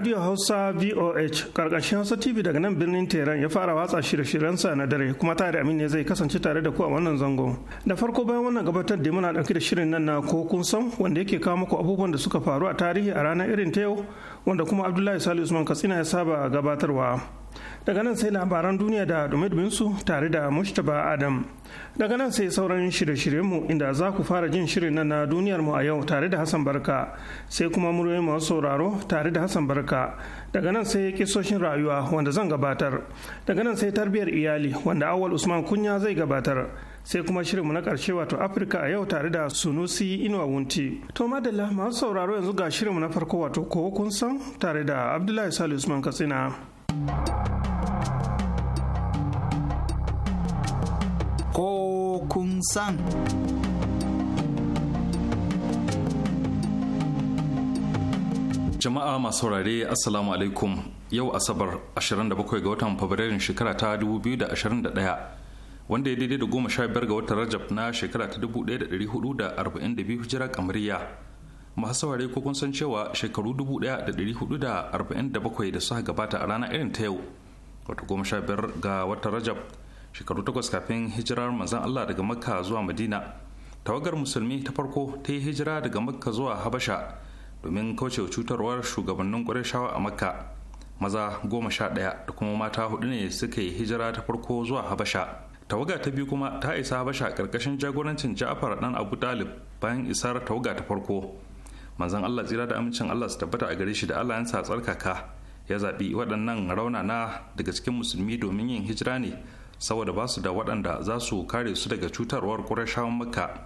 radio hausa voh karkashin hausa tv daga nan birnin tehran ya fara watsa shirye-shiryensa na dare kuma tare da ne zai kasance tare da ku a wannan zango da farko bayan wannan gabatar da muna dauke da shirin nan na ko kun san wanda yake kawo muku abubuwan da suka faru a tarihi a ranar irin ta yau wanda kuma abdullahi salisu usman katsina ya saba gabatarwa daga nan sai labaran duniya da su tare da mustapha adam daga nan sai sauran shirye mu inda za ku fara jin shirin nan na duniyar mu a yau tare da hassan barka sai kuma muryoyin masu sauraro tare da hassan barka daga nan sai kisoshin rayuwa wanda zan gabatar daga nan sai tarbiyyar iyali wanda awal usman kunya zai gabatar sai kuma shirin shirinmu na karshe wato afirka a yau tare da sunusi inuwa wunti to madalla masu sauraro yanzu ga shirin mu na farko wato ko kun san tare da abdullahi salisu usman katsina Ko kun san. Jama'a masu saurare Assalamu alaikum yau Asabar 27 ga watan Fabrairun shekara ta 2021. wanda ya daidai da goma sha biyar ga watan rajab na shekara ta 1442 hijira kamariya masu saurare ko kun san cewa shekaru 1447 da suka gabata a ranar irin ta yau wata goma sha biyar ga wata rajab shekaru takwas kafin hijirar manzan allah daga makka zuwa madina tawagar musulmi ta farko ta yi hijira daga makka zuwa habasha domin kaucewa cutarwar shugabannin shawa a makka maza goma sha ɗaya da kuma mata hudu ne suka yi hijira ta farko zuwa habasha tawaga ta biyu kuma ta isa habasha ƙarƙashin jagorancin ja'far ɗan abu dalib bayan isar tawaga ta farko manzan Allah tsira da amincin Allah su tabbata a gare shi da Allah yansa tsarkaka ya zaɓi waɗannan raunana daga cikin musulmi domin yin hijira ne saboda ba su da waɗanda za su kare su daga cutarwar ƙurashawan makka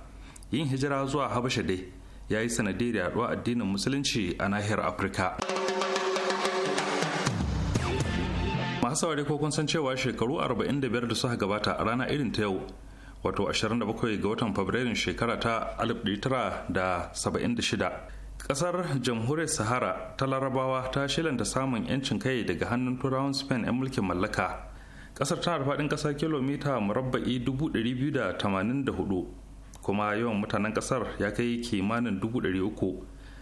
yin hijira zuwa habasha dai ya yi sanadiyar yaɗuwa addinin musulunci a nahiyar afirka masu saurari ko kun san cewa shekaru 45 da suka gabata a rana irin ta yau wato 27 ga watan fabrairun shekara ta 1976 kasar jamhuriyar sahara ta larabawa ta shilanta samun yancin kai daga hannun turawan spain 'yan mulkin mallaka kasar tana da faɗin ƙasa kilomita murabba'i 284 kuma yawan mutanen kasar ya kai kimanin 300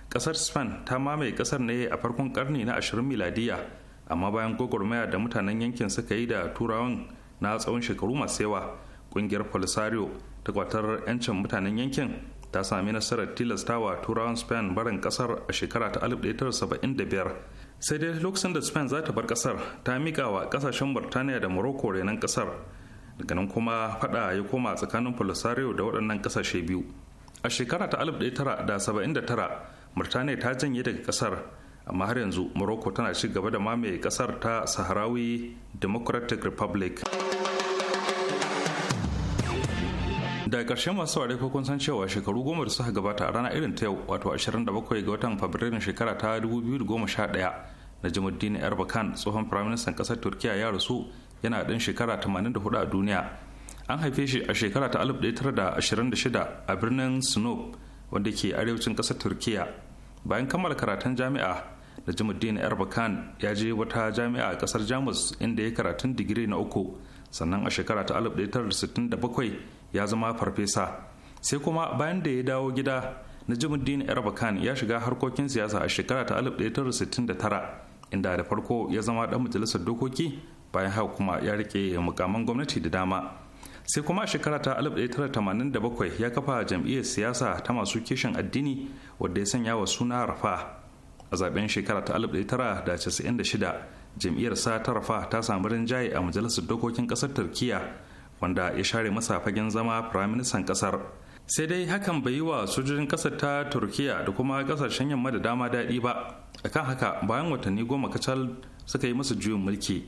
kasar spain ta mamaye kasar ne a farkon karni na 20 miladiya amma bayan gwagwarmaya da mutanen yankin suka yi da turawan na tsawon shekaru masu yawa ƙungiyar polisario ta kwatar 'yancin mutanen yankin ta sami nasarar tilastawa turawan spain barin kasar a shekara ta 1975 sai dai lokacin da spain za ta bar kasar ta mika wa kasashen burtaniya da morocco renon kasar daga nan kuma fada ya koma tsakanin polisario da waɗannan kasashe biyu a shekara ta 1979 murtaniya ta janye daga kasar amma har yanzu morocco tana ci gaba da mamaye kasar ta sahrawi democratic republic daga ƙarshe masu ware ko kun san cewa shekaru goma da suka gabata a rana irin ta yau wato 27 ga watan fabrairun shekara ta 2011 najimuddin erbakan tsohon firaministan ƙasar turkiya ya rasu yana ɗan shekara 84 a duniya an haife shi a shekara ta 1926 a birnin snow wanda ke arewacin ƙasar turkiya bayan kammala karatun jami'a najimuddin erbakan ya je wata jami'a a ƙasar jamus inda ya karatun digiri na uku sannan a shekara ta 1967 ya zama farfesa sai kuma bayan da ya dawo gida na najimuddin erbakan ya shiga harkokin siyasa a shekara ta 1969 inda da farko ya zama dan majalisar dokoki bayan haka kuma ya rike mukaman gwamnati da dama sai kuma a shekara ta 1987 ya kafa jam'iyyar siyasa ta masu kishin addini wadda ya sanya wa suna rafa a zaben shekara ta 1996 jam'iyyar sa ta rafa ta samu rinjaye a majalisar dokokin kasar turkiya wanda ya share masa fagen zama firaministan kasar sai dai hakan bai yi wa sojojin kasar ta turkiya da kuma kasashen yamma da dama daɗi ba akan haka bayan watanni goma kacal suka yi masa juyin mulki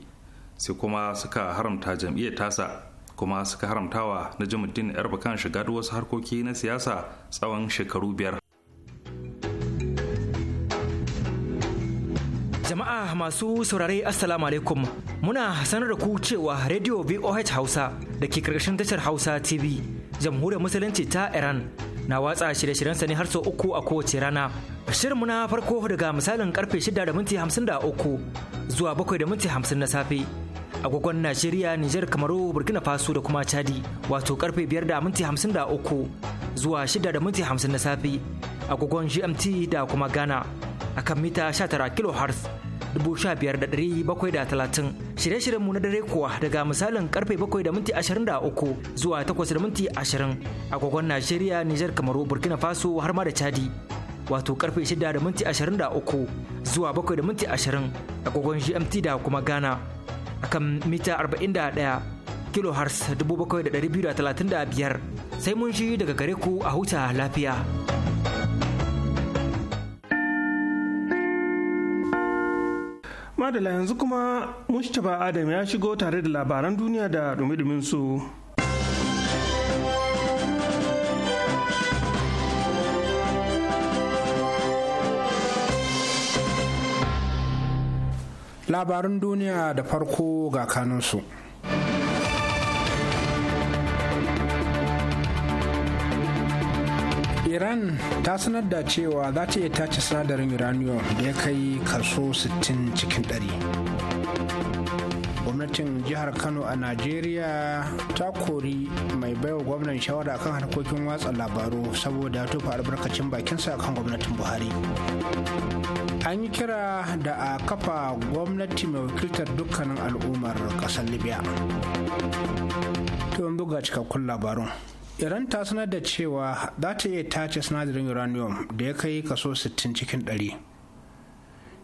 sai kuma suka haramta jam'iyyar tasa kuma suka haramtawa na jimuddin erbakan shiga duk wasu harkoki na siyasa tsawon shekaru biyar Jama'a masu saurare Assalamu alaikum muna sanar da ku cewa Radio VOH Hausa da ke karkashin tashar Hausa TV jamhuriyar musulunci ta Iran na watsa shirye-shiryensa ne har sau uku a kowace rana. Shirinmu na farko daga misalin karfe shida da minti hamsin da uku zuwa bakwai da minti hamsin na safe. agogon Najeriya, Nijar, Kamaru, Burkina Faso da kuma Chadi, wato karfe 5 da minti 53 zuwa 6 da minti 50 na safe, agogon GMT da kuma Ghana akan mita 19 kilohertz 15730 shirye-shiryenmu na dare kuwa daga misalin karfe bakwai da minti zuwa takwas da minti 20 agogon Najeriya, Nijar, Kamaru, Burkina Faso har ma da Chadi. Wato karfe shida da minti zuwa bakwai da minti 20 agogon GMT da kuma Ghana. Akan mita 41 da 7235 sai mun shi daga gare ku a huta lafiya. madala yanzu kuma mustapha adam ya shigo tare da labaran duniya da dumi su. labarin duniya da farko ga kanunsu. iran ta sanar da cewa za ta iya tace sinadarin uranium da ya kai kaso 60 cikin 100 gwamnatin jihar kano a najeriya ta kori mai baiwa gwamnan shawara kan harkokin watsa labaru saboda tufa albarkacin bakinsa kan gwamnatin buhari an yi kira da a kafa gwamnati mai wakiltar dukkanin al'ummar kasar libya tuwon buga cikakkun labarun iran ta sanar da cewa za ta iya tace sinadarin uranium da ya kai kaso 60 cikin 100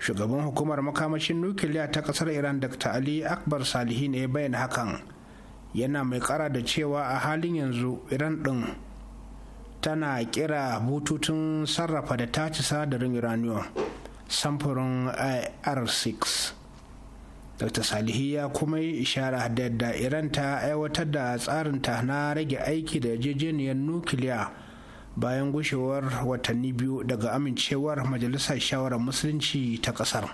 shugaban hukumar makamashin nukiliya ta kasar iran dr ali akbar salihi ne bayan hakan yana mai kara da cewa a halin yanzu iran din tana kira bututun sarrafa da tace sinadarin uranium samfurin ir 6 dr salihi ya kuma yi ishara da yadda iran ta aiwatar da tsarin ta na rage aiki da yarjejeniyar nukiliya bayan gushewar watanni biyu daga amincewar majalisar shawarar musulunci ta kasar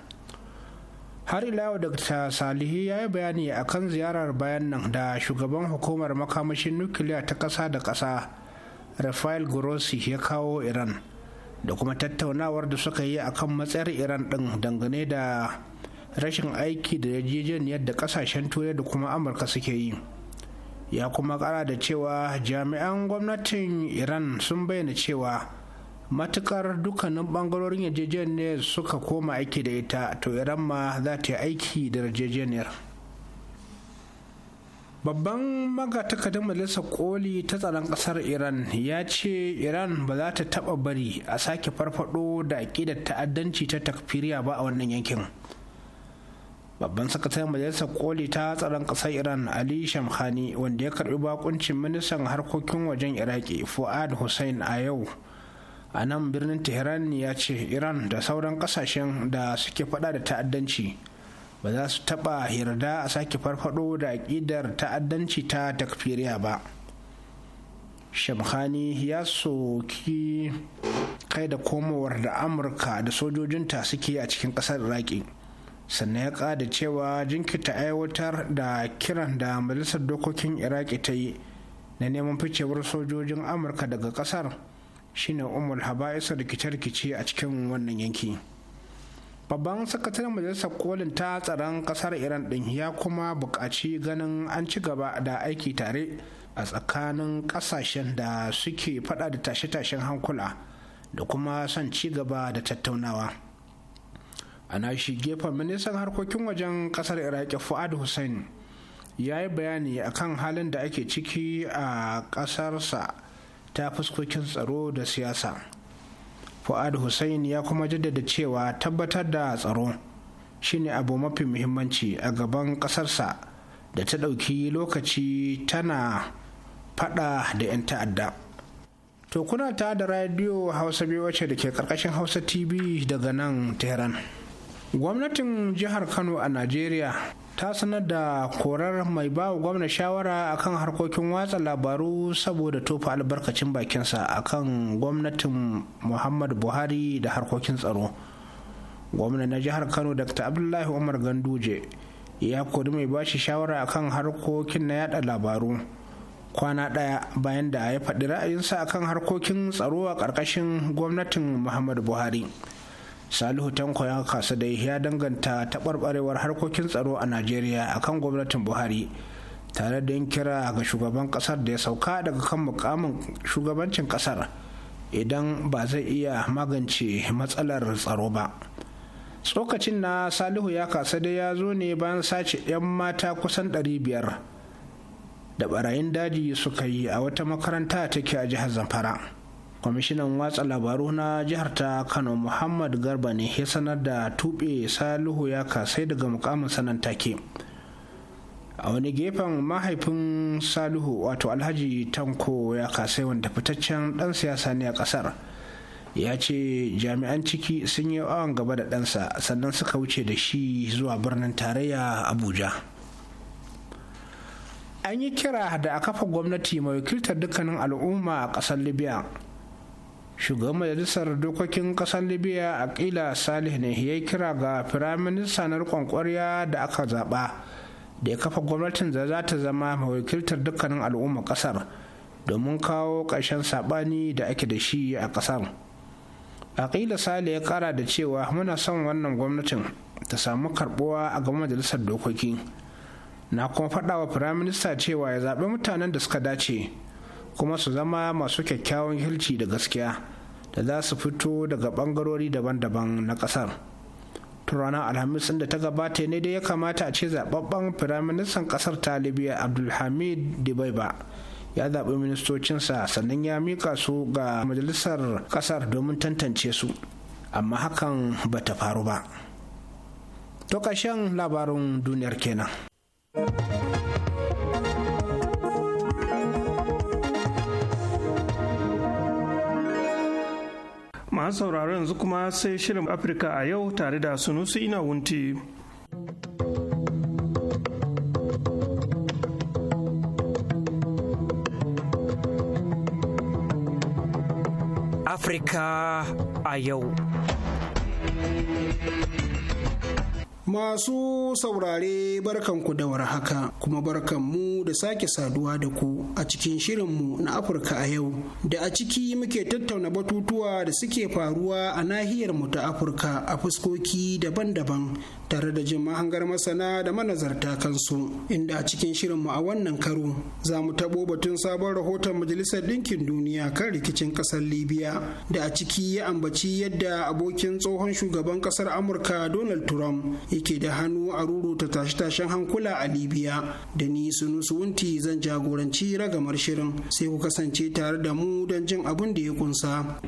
har ilawa dr salihi ya yi bayani akan ziyarar bayan nan da shugaban hukumar makamashin nukiliya ta kasa da kasa rafael grossi ya kawo iran da kuma tattaunawar da suka yi akan matsayar iran din dangane da rashin aiki da yarjejeniyar da kasashen turai da kuma amurka suke yi ya kuma kara da cewa jami'an gwamnatin iran sun bayyana cewa matukar dukkanin bangarorin yarjejeniyar suka koma aiki da ita to iran ma za ta yi aiki da yarjejeniyar babban magatakardar majalisar koli ta tsaron kasar iran ya ce iran ba za ta taba bari a sake farfado da aƙidar ta'addanci ta takfiriya ba a wannan yankin babban sakataren majalisar koli ta tsaron ƙasar iran ali shamkhani wanda ya karbi bakuncin ministan harkokin wajen iraki fuad hussein a yau a nan birnin tehran ya ce iran da sauran kasashen da suke fada da ta'addanci ba za su taba yarda a sake farfado da aƙidar ta'addanci ta takfiriya ba shamkhani ya soki kai da komowar da amurka da sojojinta suke a cikin ƙasar iraki sannan ya kada cewa jinkirta aiwatar da kiran da majalisar dokokin iraki ta yi na neman ficewar sojojin amurka daga ƙasar shine umar haba'isa rikice-rikice a cikin wannan yanki babban sakataren majalisar kolin ta tsaron ƙasar iran din ya kuma buƙaci ganin an ci gaba da aiki tare a tsakanin ƙasashen da suke fada da tashe-tashen hankula da kuma son ci gaba da tattaunawa. a nashi gefen ministan harkokin wajen kasar iraki fuad hussein ya yi bayani akan halin da ake ciki a ƙasarsa ta fuskokin tsaro da siyasa fuad hussein ya kuma jaddada cewa tabbatar da tsaro shine abu mafi muhimmanci a gaban ƙasarsa da ta ɗauki lokaci tana fada da 'yan ta'adda to kuna ta da radio hausa biyu wacce da ke ƙarƙashin hausa tv daga nan tehran gwamnatin jihar kano a najeriya ta sanar da korar mai ba wa gwamna shawara akan harkokin watsa labaru saboda tofa albarkacin bakinsa akan gwamnatin muhammadu buhari da harkokin tsaro gwamna na jihar kano dr abdullahi umar ganduje ya kori mai ba shi shawara akan harkokin na yada labaru kwana daya bayan da ya faɗi ra'ayinsa akan harkokin tsaro a ƙarƙashin gwamnatin muhammadu buhari salihu tanko ya kasa dai ya danganta taɓarɓarewar harkokin tsaro a najeriya akan gwamnatin buhari tare da yin kira ga shugaban ƙasar da ya sauka daga kan mukamin shugabancin ƙasar idan ba zai iya magance matsalar tsaro ba tsokacin na salihu ya kasa dai ya zo ne bayan sace 'yan mata kusan 500 da barayin daji suka yi a wata makaranta take a jihar zamfara kwamishinan watsa labaru na jihar ta kano muhammad garba ne ya sanar da tuɓe salihu ya kasai daga mukamin sanan take a wani gefen mahaifin salihu wato alhaji tanko ya kasai wanda fitaccen dan siyasa ne a kasar ya ce jami'an ciki sun yi awon gaba da ɗansa sannan suka wuce da shi zuwa birnin tarayya abuja an yi kira da a kafa gwamnati mai wakiltar dukkanin al'umma a ƙasar libya shugaban majalisar dokokin kasar libya akila salih ne ya kira ga na riƙon ƙwarya da aka zaɓa da ya kafa gwamnatin da za ta zama mawakiltar dukkanin al'ummar ƙasar domin kawo ƙarshen saɓani da ake da shi a ƙasar akila salih ya ƙara da cewa muna son wannan gwamnatin ta samu karɓuwa a gaban majalisar dokoki na kuma faɗa wa firaminista cewa ya zaɓi mutanen da suka dace kuma su zama masu kyakkyawan hilci da gaskiya da za su fito daga bangarori daban-daban na kasar ranar alhamis da ta gabata ne dai ya kamata a ce zababben firaministan kasar ta libya abdulhamid dibaiba ya zaɓi ministocinsa sannan ya mika su ga majalisar kasar domin tantance su amma hakan ba ta faru ba to labarin duniyar kenan. An sauraro yanzu kuma sai shirin afirka a yau tare da sunusu ina wunti afirka a yau Masu saurare barkan ku da warhaka kuma barkanmu da sake saduwa da ku a cikin shirin mu na Afirka a yau da a ciki muke tattauna batutuwa da suke faruwa a nahiyar mu ta Afirka a fuskoki daban-daban tare da jin mahangar masana da manazarta kansu inda a cikin shirin mu a wannan karo za mu tabo batun sabon rahoton majalisar ɗinkin duniya kan rikicin ƙasar libya da a ciki ya ambaci yadda abokin tsohon shugaban ƙasar amurka donald trump yake da hannu a ruru ta tashe-tashen hankula a libya da ni nusu wunti zan jagoranci ragamar shirin sai ku kasance tare da mu don jin abin da ya kunsa.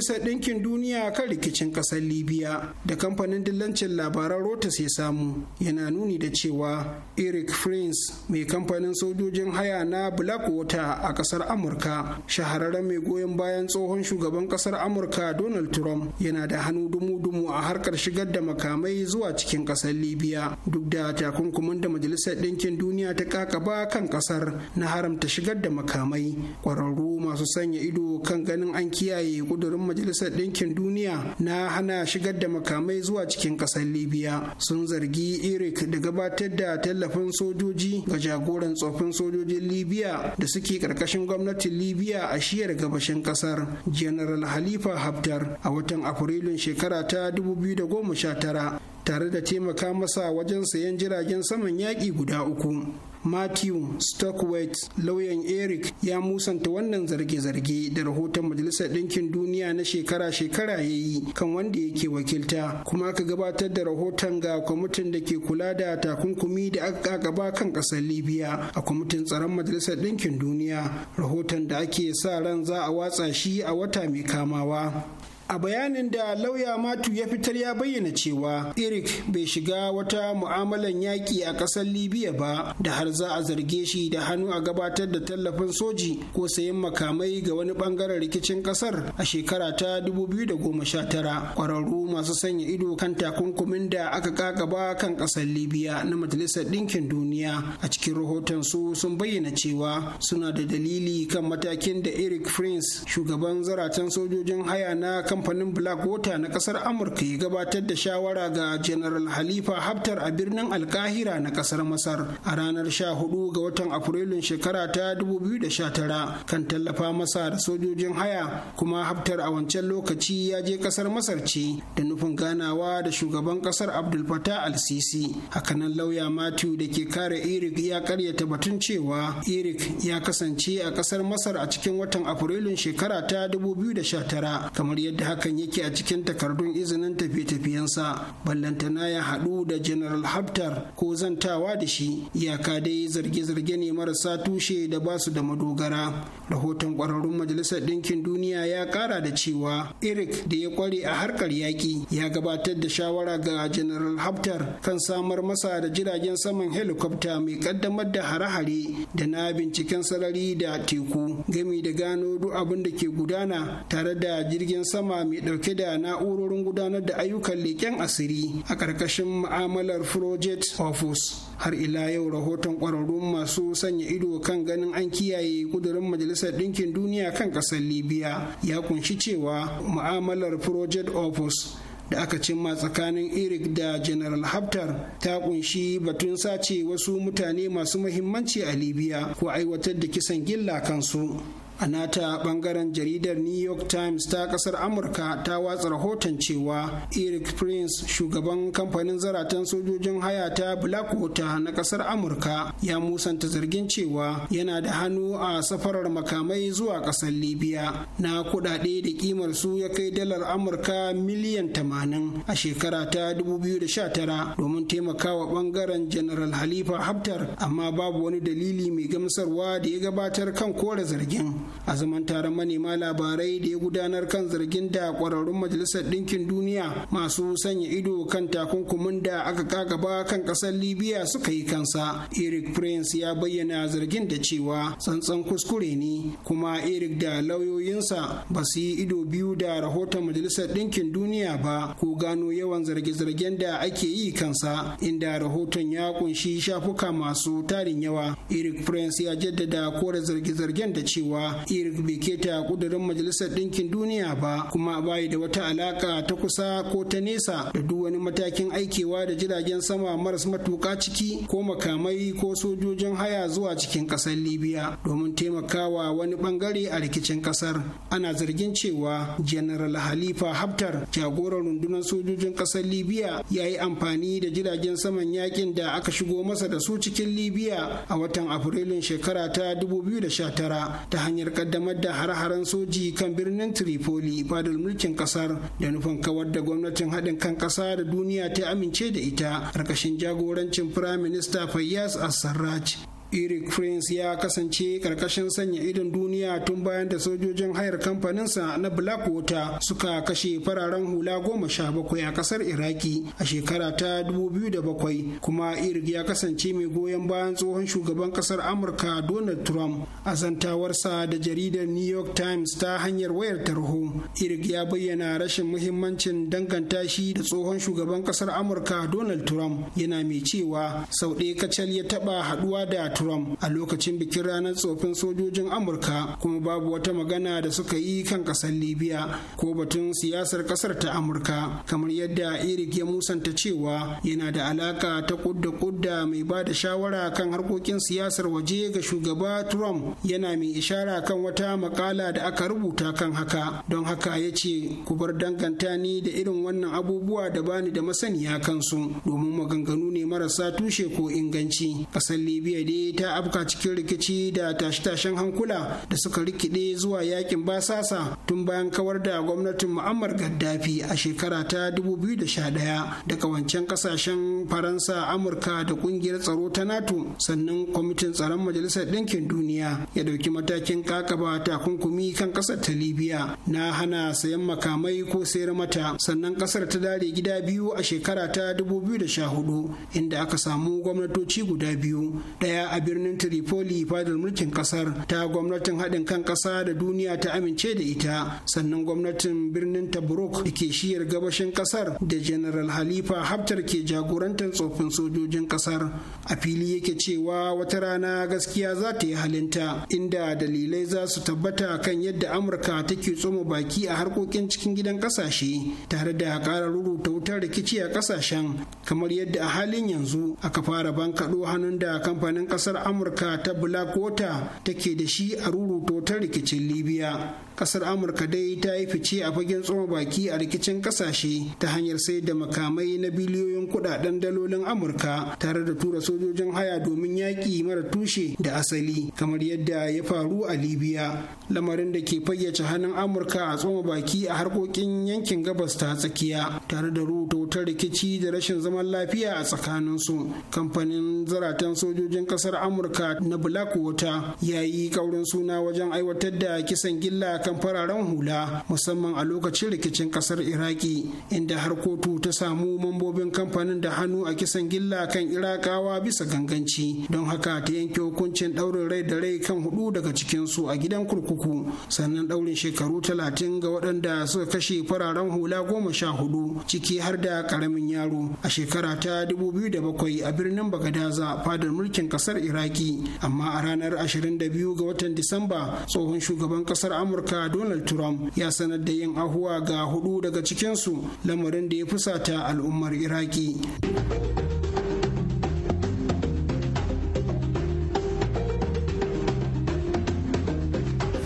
bisa ɗinkin duniya kan rikicin ƙasar libya da kamfanin dillancin labaran rotas ya samu yana nuni da cewa eric prince mai kamfanin sojojin haya na blackwater a ƙasar amurka shahararren mai goyon bayan tsohon shugaban ƙasar amurka donald trump yana da hannu dumu-dumu a harkar shigar da makamai zuwa cikin ƙasar libya duk da takunkumin da majalisar ɗinkin duniya ta kakaba kan ƙasar na haramta shigar da makamai ƙwararru masu sanya ido kan ganin an kiyaye ƙudurin majalisar ɗinkin duniya na hana shigar da makamai zuwa cikin ƙasar libya sun zargi eric da gabatar da tallafin sojoji ga jagoran tsoffin sojojin libya da suke ƙarƙashin gwamnatin libya a shiyar gabashin ƙasar general halifa haftar a watan afrilun shekara ta 2019 tare da taimaka masa wajen sayan jiragen saman yaƙi guda uku matthew stockwell lauyan eric ya musanta wannan zarge-zarge da rahoton majalisar ɗinkin duniya na shekara-shekara ya yi kan wanda yake wakilta kuma aka gabatar da rahoton ga kwamitin da ke kula da takunkumi da aka gaba kan ƙasar libya a kwamitin tsaron majalisar ɗinkin duniya rahoton da ake sa ran za a watsa shi a wata mai kamawa A bayanin da lauya Matu ya fitar ya bayyana cewa Eric bai shiga wata mu'amalan yaƙi a ƙasar Libya ba da har za a zarge shi da hannu a gabatar da tallafin soji ko sayan makamai ga wani bangaren rikicin ƙasar a shekara ta 2019. Kwararru masu sanya ido kan takunkumin da aka kakaba kan ƙasar Libya na Majalisar Ɗinkin Duniya a cikin rahoton su sun bayyana cewa suna da dalili kan matakin da Eric Prince shugaban zaratan sojojin haya na kan kamfanin blackwater na kasar amurka ya gabatar da shawara ga general halifa haftar a birnin alkahira na kasar masar a ranar 14 ga watan afrilun shekara ta 2019 kan tallafa masa da sojojin haya kuma haftar a wancan lokaci ya je kasar masar ce da nufin ganawa da shugaban kasar abdul fatah al-sisi hakanan lauya matthew da ke kare eric ya karyata batun cewa eric ya kasance a kasar masar a cikin watan afrilun shekara ta 2019 kamar yadda hakan yake a cikin takardun izinin tafiye-tafiyensa ballantana ya haɗu da general haftar ko zantawa da shi iyaka dai zarge-zarge ne marasa tushe da ba su da madogara rahoton ƙwararrun majalisar ɗinkin duniya ya ƙara da cewa eric da ya kware a harkar yaƙi ya gabatar da shawara ga general haftar kan samar masa da jiragen saman helicopter mai ƙaddamar da hare-hare da na binciken sarari da teku gami da gano duk abin da ke gudana tare da jirgin sama mai ɗauke da na'urorin gudanar da ayyukan leƙen asiri a ƙarƙashin ma'amalar project office har ila yau rahoton ƙwararrun masu sanya ido kan ganin an kiyaye ƙudurin majalisar ɗinkin duniya kan ƙasar libya ya kunshi cewa ma'amalar project office da aka cimma tsakanin Eric da General Haftar ta kunshi batun sace wasu mutane masu muhimmanci a Libya ko aiwatar da kisan gilla kansu. a nata bangaren jaridar new york times ta kasar amurka ta watsa rahoton cewa eric prince shugaban kamfanin zaratan sojojin haya ta blackwater na kasar amurka ya musanta zargin cewa yana da hannu a safarar makamai zuwa kasar libya na kudade da kimar su ya kai dalar amurka miliyan 80 a shekara ta 2019 domin taimakawa bangaren general halifa haftar amma babu wani dalili mai gamsarwa da ya gabatar kan kore zargin a zaman taron manema labarai da ya gudanar kan zargin da kwararrun majalisar ɗinkin duniya masu sanya ido kan takunkumin da aka kagaba kan ƙasar libya suka yi kansa eric prince ya bayyana zargin da cewa tsantsan kuskure ne kuma eric da lauyoyinsa ba su yi ido biyu da rahoton majalisar ɗinkin duniya ba ko gano yawan zarge-zargen da ake yi kansa inda rahoton ya kunshi shafuka masu tarin yawa eric prince ya jaddada kore zarge-zargen da cewa iri bai keta kudurin majalisar ɗinkin duniya ba kuma bayi da wata alaka ta kusa ko ta nesa da duk wani matakin aikewa da jiragen sama maras matuka ciki ko makamai ko sojojin haya zuwa cikin ƙasar libya domin taimakawa wani bangare a rikicin ƙasar ana zargin cewa general halifa haftar jagoran rundunar sojojin ƙasar libya ya yi amfani da jiragen saman yakin da aka shigo masa da su cikin libya a watan afrilun shekara ta 2019 ta hanyar hanyar kaddamar da har-haren soji kan birnin Tripoli fadar mulkin kasar da nufin kawar da gwamnatin haɗin kan ƙasa da duniya ta amince da ita ƙarƙashin jagorancin Firaminista Fayyaz Assarraj eric prince ya kasance karkashin sanya idon duniya tun bayan da sojojin hayar kamfaninsa na blackwater suka kashe fararen hula goma sha bakwai a kasar iraki a shekara ta 2007 kuma eric ya kasance mai goyon bayan tsohon shugaban kasar amurka donald trump a zantawarsa da jaridar new york times ta hanyar wayar tarho eric ya bayyana rashin muhimmancin danganta shi da tsohon shugaban kasar amurka donald trump yana mai cewa sau ɗaya kacal ya taɓa haɗuwa da Trump a lokacin bikin ranar tsofin sojojin Amurka kuma babu wata magana da suka yi kan ƙasar Libya ko batun siyasar kasar ta Amurka kamar yadda Eric ya musanta cewa yana da alaka ta kudda kudda mai ba da shawara kan harkokin siyasar waje ga shugaba Trump yana mai ishara kan wata makala da aka rubuta kan haka don haka ya ce ku bar danganta ni da irin wannan abubuwa da bani da masaniya kansu domin maganganu ne marasa tushe ko inganci ƙasar Libya dai ta afka cikin rikici da tashe-tashen hankula da suka rikide zuwa yakin basasa tun bayan kawar da gwamnatin mu'ammar gaddafi a shekara ta 2011 daga wancan kasashen faransa amurka da kungiyar tsaro ta nato sannan kwamitin tsaron majalisar ɗinkin duniya ya ɗauki matakin kakaba takunkumi kan ƙasar ta libya na hana sayan makamai ko sayar mata sannan ƙasar ta dare gida biyu a shekara ta 2014 inda aka samu gwamnatoci guda biyu daya a a birnin Tripoli fadar mulkin kasar ta gwamnatin haɗin kan ƙasa da duniya ta amince da ita sannan gwamnatin birnin Tabruk da ke shiyar gabashin kasar da General Halifa Haftar ke jagorantar tsoffin sojojin kasar a fili yake cewa wata rana gaskiya za ta yi halinta inda dalilai za su tabbata kan yadda Amurka take tsoma baki a harkokin cikin gidan ƙasashe tare da ƙara rubuta wutar rikici a ƙasashen kamar yadda a halin yanzu aka fara bankaɗo hannun da kamfanin ƙasar kasar amurka ta Black ta take da shi a ruruto ta rikicin libya kasar amurka dai ta yi fice a fagen tsoma baki a rikicin kasashe ta hanyar sai da makamai na biliyoyin kudaden dalolin amurka tare da tura sojojin haya domin yaƙi mara tushe da asali kamar yadda ya faru a libya lamarin da ke fayyace hannun amurka a tsoma baki a harkokin yankin gabas ta tsakiya tare da rubuta wutar rikici da rashin zaman lafiya a tsakaninsu kamfanin zaratan sojojin kasar amurka na blackwater ya yi kaurin suna wajen aiwatar da kisan gilla kan fararen hula musamman a lokacin rikicin kasar iraki inda har kotu ta samu mambobin kamfanin da hannu a kisan gilla kan irakawa bisa ganganci don haka ta yanke hukuncin daurin rai da rai kan hudu daga cikinsu a gidan kurkuku sannan daurin shekaru talatin ga waɗanda suka kashe fararen hula goma sha hudu ciki har da karamin yaro a shekara ta 2007 a birnin bagadaza fadar mulkin kasar iraki amma a ranar 22 ga watan disamba tsohon shugaban kasar amurka donald trump ya sanar da yin ahuwa ga hudu daga cikinsu lamarin da ya fusata al'ummar iraki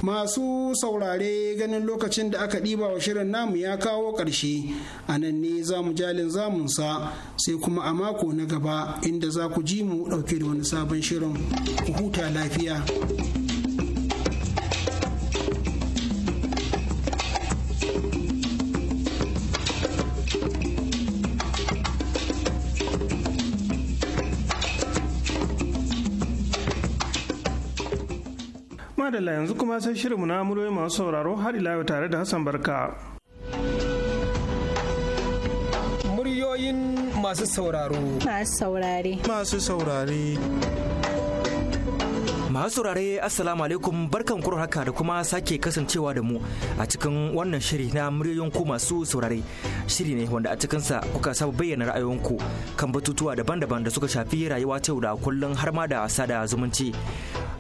masu saurare ganin lokacin da aka ɗiba wa shirin namu ya kawo ƙarshe a nan ne za mu jalin zamunsa sai kuma a mako na gaba inda za ku ji mu ɗauke da wani sabon shirin ku huta lafiya. madalla yanzu kuma sai shirinmu na muryoyi masu sauraro har ila yau tare da Hassan Barka. Muryoyin masu sauraro. Masu saurare. Masu saurare. masu saurare assalamu alaikum barkan kuro haka da kuma sake kasancewa da mu a cikin wannan shiri na muryoyin ku masu saurare shiri ne wanda a cikinsa kuka saba bayyana ra'ayoyinku kan batutuwa daban-daban da suka shafi rayuwa ta yau da kullum har ma da sada zumunci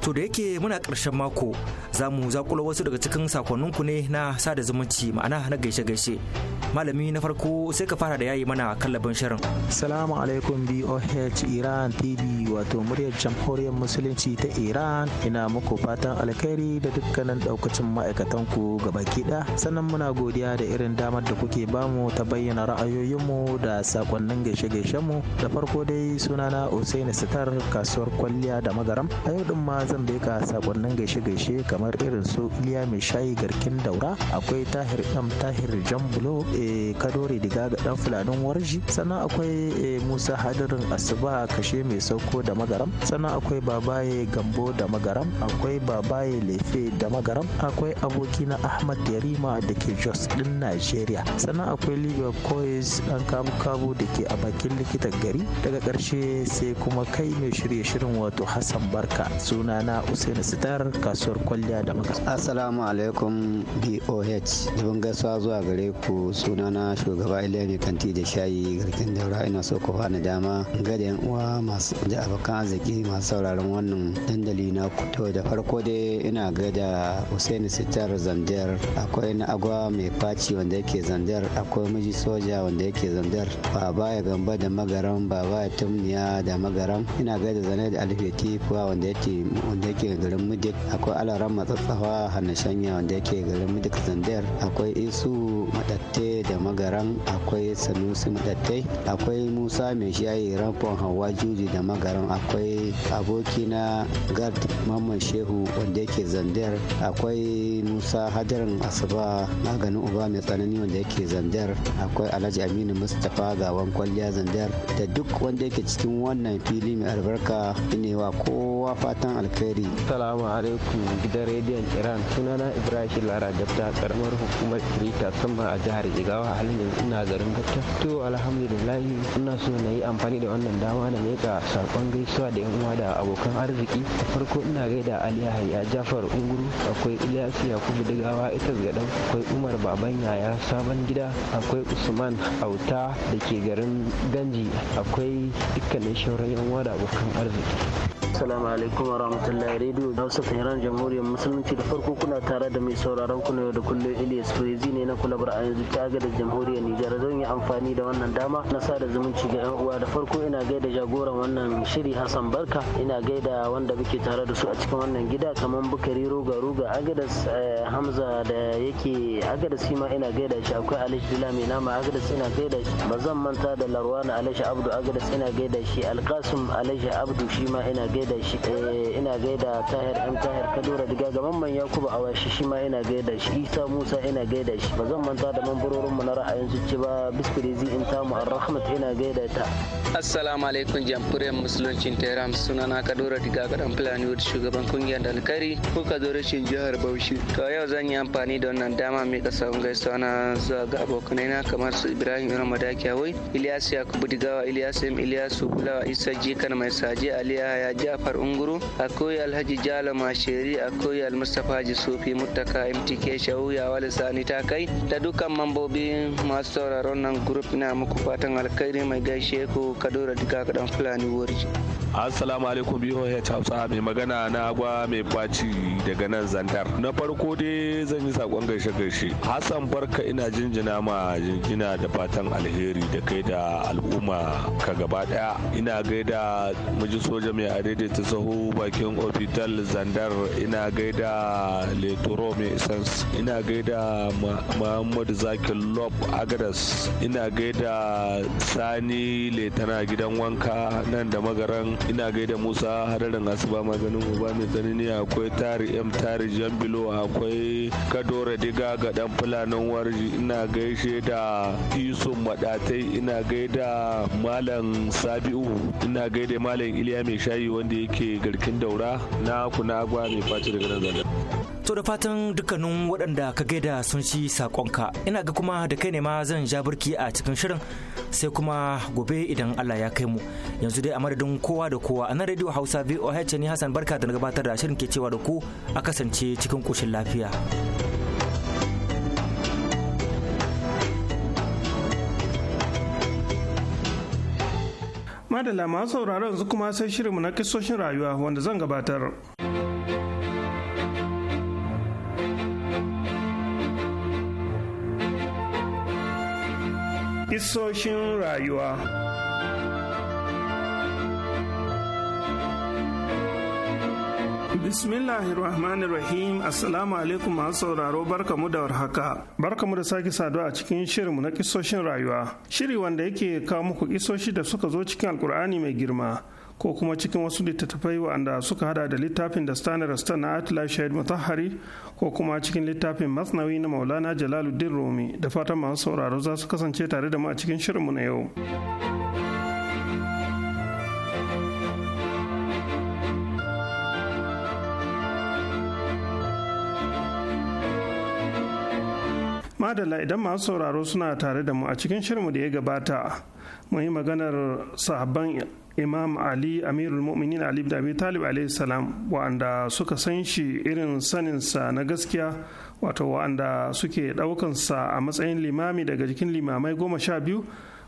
To da yake muna karshen mako za mu zakula wasu daga cikin sakonninku ne na sada zumunci ma'ana na gaishe-gaishe. Malami na farko sai ka fara da yayi mana kallabin shirin. Salamu alaikum BOH Iran TV wato muryar jamhuriyar musulunci ta Iran ina muku fatan alkhairi da dukkanin daukacin ma'aikatan ku baki da sannan muna godiya da irin damar da kuke bamu ta bayyana ra'ayoyinmu da sakonnin gaishe-gaishenmu da farko dai sunana Usaini Sitar kasuwar kwalliya da magaram a yau din ma zan ka sakonnin gaishe-gaishe kamar irin su iliya mai shayi garkin daura akwai tahir m tahir jambulo e kadore diga ga dan fulanin warji sannan akwai eh, musa hadirin asuba kashe mai sauko da magaram sannan akwai babaye gambo da magaram akwai babaye lefe da magaram akwai abokina ahmad yarima da ke jos din nigeria sannan akwai libya koyes dan kabu-kabu da ke a bakin likitan gari daga karshe sai kuma kai mai shirye shirin wato hassan barka suna sunana usain sitar kasuwar kwalliya da maka assalamu alaikum boh jibin gaisuwa zuwa gare ku sunana shugaba iliya kanti da shayi garkin daura ina so ku fana dama gada yan uwa masu da abokan arziki masu sauraron wannan dandali na kuto da farko dai ina gada usain sitar zandar akwai na agwa mai faci wanda yake zandar akwai miji soja wanda yake zandar baba ya gamba da magaran baba ya tumniya da magaran ina gada zane da alfeti kuwa wanda yake wanda yake garin mudik akwai alaran matsatsawa hannashanya wanda yake garin mudik zandar akwai isu madatte da magaran akwai sanusi madatte akwai musa mai shayi ramfon hawa juji da magaran akwai aboki na gard mamman shehu wanda yake zandar akwai musa hadarin asuba maganin uba mai tsanani wanda yake zandar akwai alhaji aminu mustapha gawan kwalliya zandar da duk wanda yake cikin wannan fili mai albarka ne wa kowa fatan alkhairi alkhairi salamu alaikum gidan rediyon iran sunana ibrahim lara jabta karamar hukumar kirita sama a jihar jigawa halin yanzu ina garin gabta to alhamdulillahi ina so na yi amfani da wannan dama na meka sakon gaisuwa da yan uwa da abokan arziki a farko ina gaida ali yahaya jafar unguru akwai ilyas yakubu digawa ita gadau akwai umar baban yaya sabon gida akwai usman auta da ke garin ganji akwai dukkanin shauran yan uwa da abokan arziki Assalamu alaikum rahmatullahi rediyo Hausa Tehran Jamhuriyar Musulunci da farko kuna tare da mai sauraron ku yau da kullum Ilyas Frezi ne na kulabar a yanzu ta ga da Jamhuriyar Nijar zan yi amfani da wannan dama na sada zumunci ga yan uwa da farko ina gaida jagoran wannan shiri Hassan Barka ina gaida wanda muke tare da su a cikin wannan gida kamar Bukari Roga Roga Agadas eh, Hamza da yake Agadas shi ma ina gaida shi akwai Alish Dila mai nama Agadas ina gaida shi ba zan manta da Larwana Alish Abdu Agadas ina gaida shi Alkasim Alish Abdu shi ma ina gaida shi eh, ina yana gaida tahir an tahir kadura diga gaban man yakubu a awashi shi ma yana gaida shi isa musa yana gaida shi ba zan manta da mambarorinmu na ra'ayin su zuci ba biskirizi in ta mu arrahmat yana gaida ta assalamu alaikum jamhuriyar musuluncin tehran na kadura diga gadan fulani wadda shugaban kungiyar dalkari kuka zo rashin jihar bauchi to yau zan yi amfani da wannan dama mai kasa gaisuwa na zuwa ga abokanai na kamar su ibrahim irin madakiyawai ilyasu yakubu digawa ilyasu m ilyasu kulawa isa jikan mai saje aliya ya jafar unguru aku akwai alhaji jala masheri akwai almustapha sufi mutaka mtk ya wali sani ta kai da dukkan mambobi masu sauraron nan gurup na muku fatan alkhairi mai gaishe ku kadura duka kadan fulani wuri assalamu alaikum biyu ya hausa mai magana na agwa mai baci daga nan zantar na farko dai zan yi sakon gaishe gaishe hassan barka ina jinjina ma jinjina da fatan alheri da kai da al'umma ka gaba daya ina gaida miji soja mai adaidaita saho bakin nan zandar ina gaida leturo mai essence ina gaida muhammadu zakir lob agadas ina gaida sani letana gidan wanka nan da magaran ina gaida musa hadarin asuba maganin uba mai tsanani akwai tari m tari jambilo akwai kadora diga ga dan fulanin warji ina gaishe da isun madatai ina gaida malam sabi'u ina gaida malam iliya mai shayi wanda yake garkin daura lura na kuna agwa mai face daga nan zanen. To da fatan dukkanin waɗanda ka gaida sun ci sakonka ina ga kuma da kai ne ma zan ja burki a cikin shirin sai kuma gobe idan Allah ya kai mu yanzu dai a madadin kowa da kowa a nan radio Hausa VOH ne Hassan barka da gabatar da shirin ke cewa da ku a kasance cikin koshin lafiya. Madalla masu sauraron yanzu kuma sai shirinmu na kisoshin rayuwa wanda zan gabatar. Kisoshin rayuwa. Bismillahirrahmanirrahim Assalamu alaikum masu sauraro barkamu da warhaka. Barkamu da sake saduwa a cikin shirinmu na kisoshin rayuwa. Shiri wanda yake kawo muku kisoshi da suka zo cikin Alkur'ani mai girma. ko kuma cikin wasu littattafai wanda suka hada da littafin da Stanley rastan na atila shahid mutahari ko kuma cikin littafin masnawi na maulana jalaluddin rumi da fatan masu sauraro za su kasance tare da mu a cikin shirin mu na yau. madalla idan masu sauraro suna tare da mu a cikin shirinmu da ya gabata mu yi maganar sahabban imam ali amirul mu'minin ali da abi talib alaihi wa'anda suka san shi irin saninsa na gaskiya wato wa'anda suke ɗaukansa a matsayin limami daga jikin limamai goma sha biyu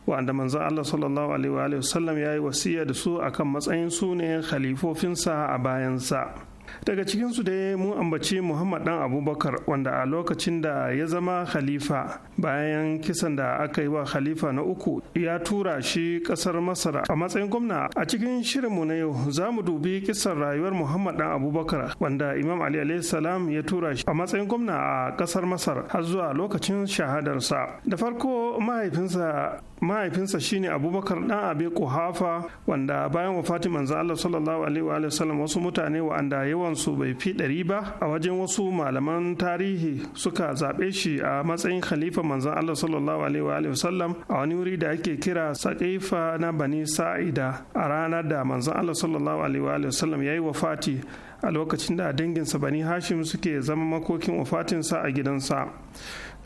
wa'anda manzan Allah sallallahu alaihi wa sallam ya yi wasiya da su akan matsayin su ne khalifofinsa a bayansa. daga cikin su dai mun ambaci muhammad dan abubakar wanda a lokacin da ya zama khalifa bayan kisan da aka yi wa khalifa na uku ya tura shi kasar masar a matsayin gwamna a cikin shirin mu na yau za mu dubi kisan rayuwar muhammad dan abubakar wanda imam ali salam ya tura shi a matsayin gwamna a kasar masar har zuwa lokacin shahadarsa da farko mahaifinsa mahaifinsa shine abubakar dan abi kuhafa wanda bayan wafatin manzo Allah sallallahu alaihi wa sallam wasu mutane wa'anda yawan su bai fi ɗari ba a wajen wasu malaman tarihi suka zaɓe shi a matsayin khalifa manzo Allah sallallahu alaihi wa sallam a wani wuri da ake kira saqifa na bani sa'ida a ranar da manzo Allah sallallahu alaihi wa sallam yayi wafati a lokacin da danginsa bani hashim suke zama makokin wafatinsa a gidansa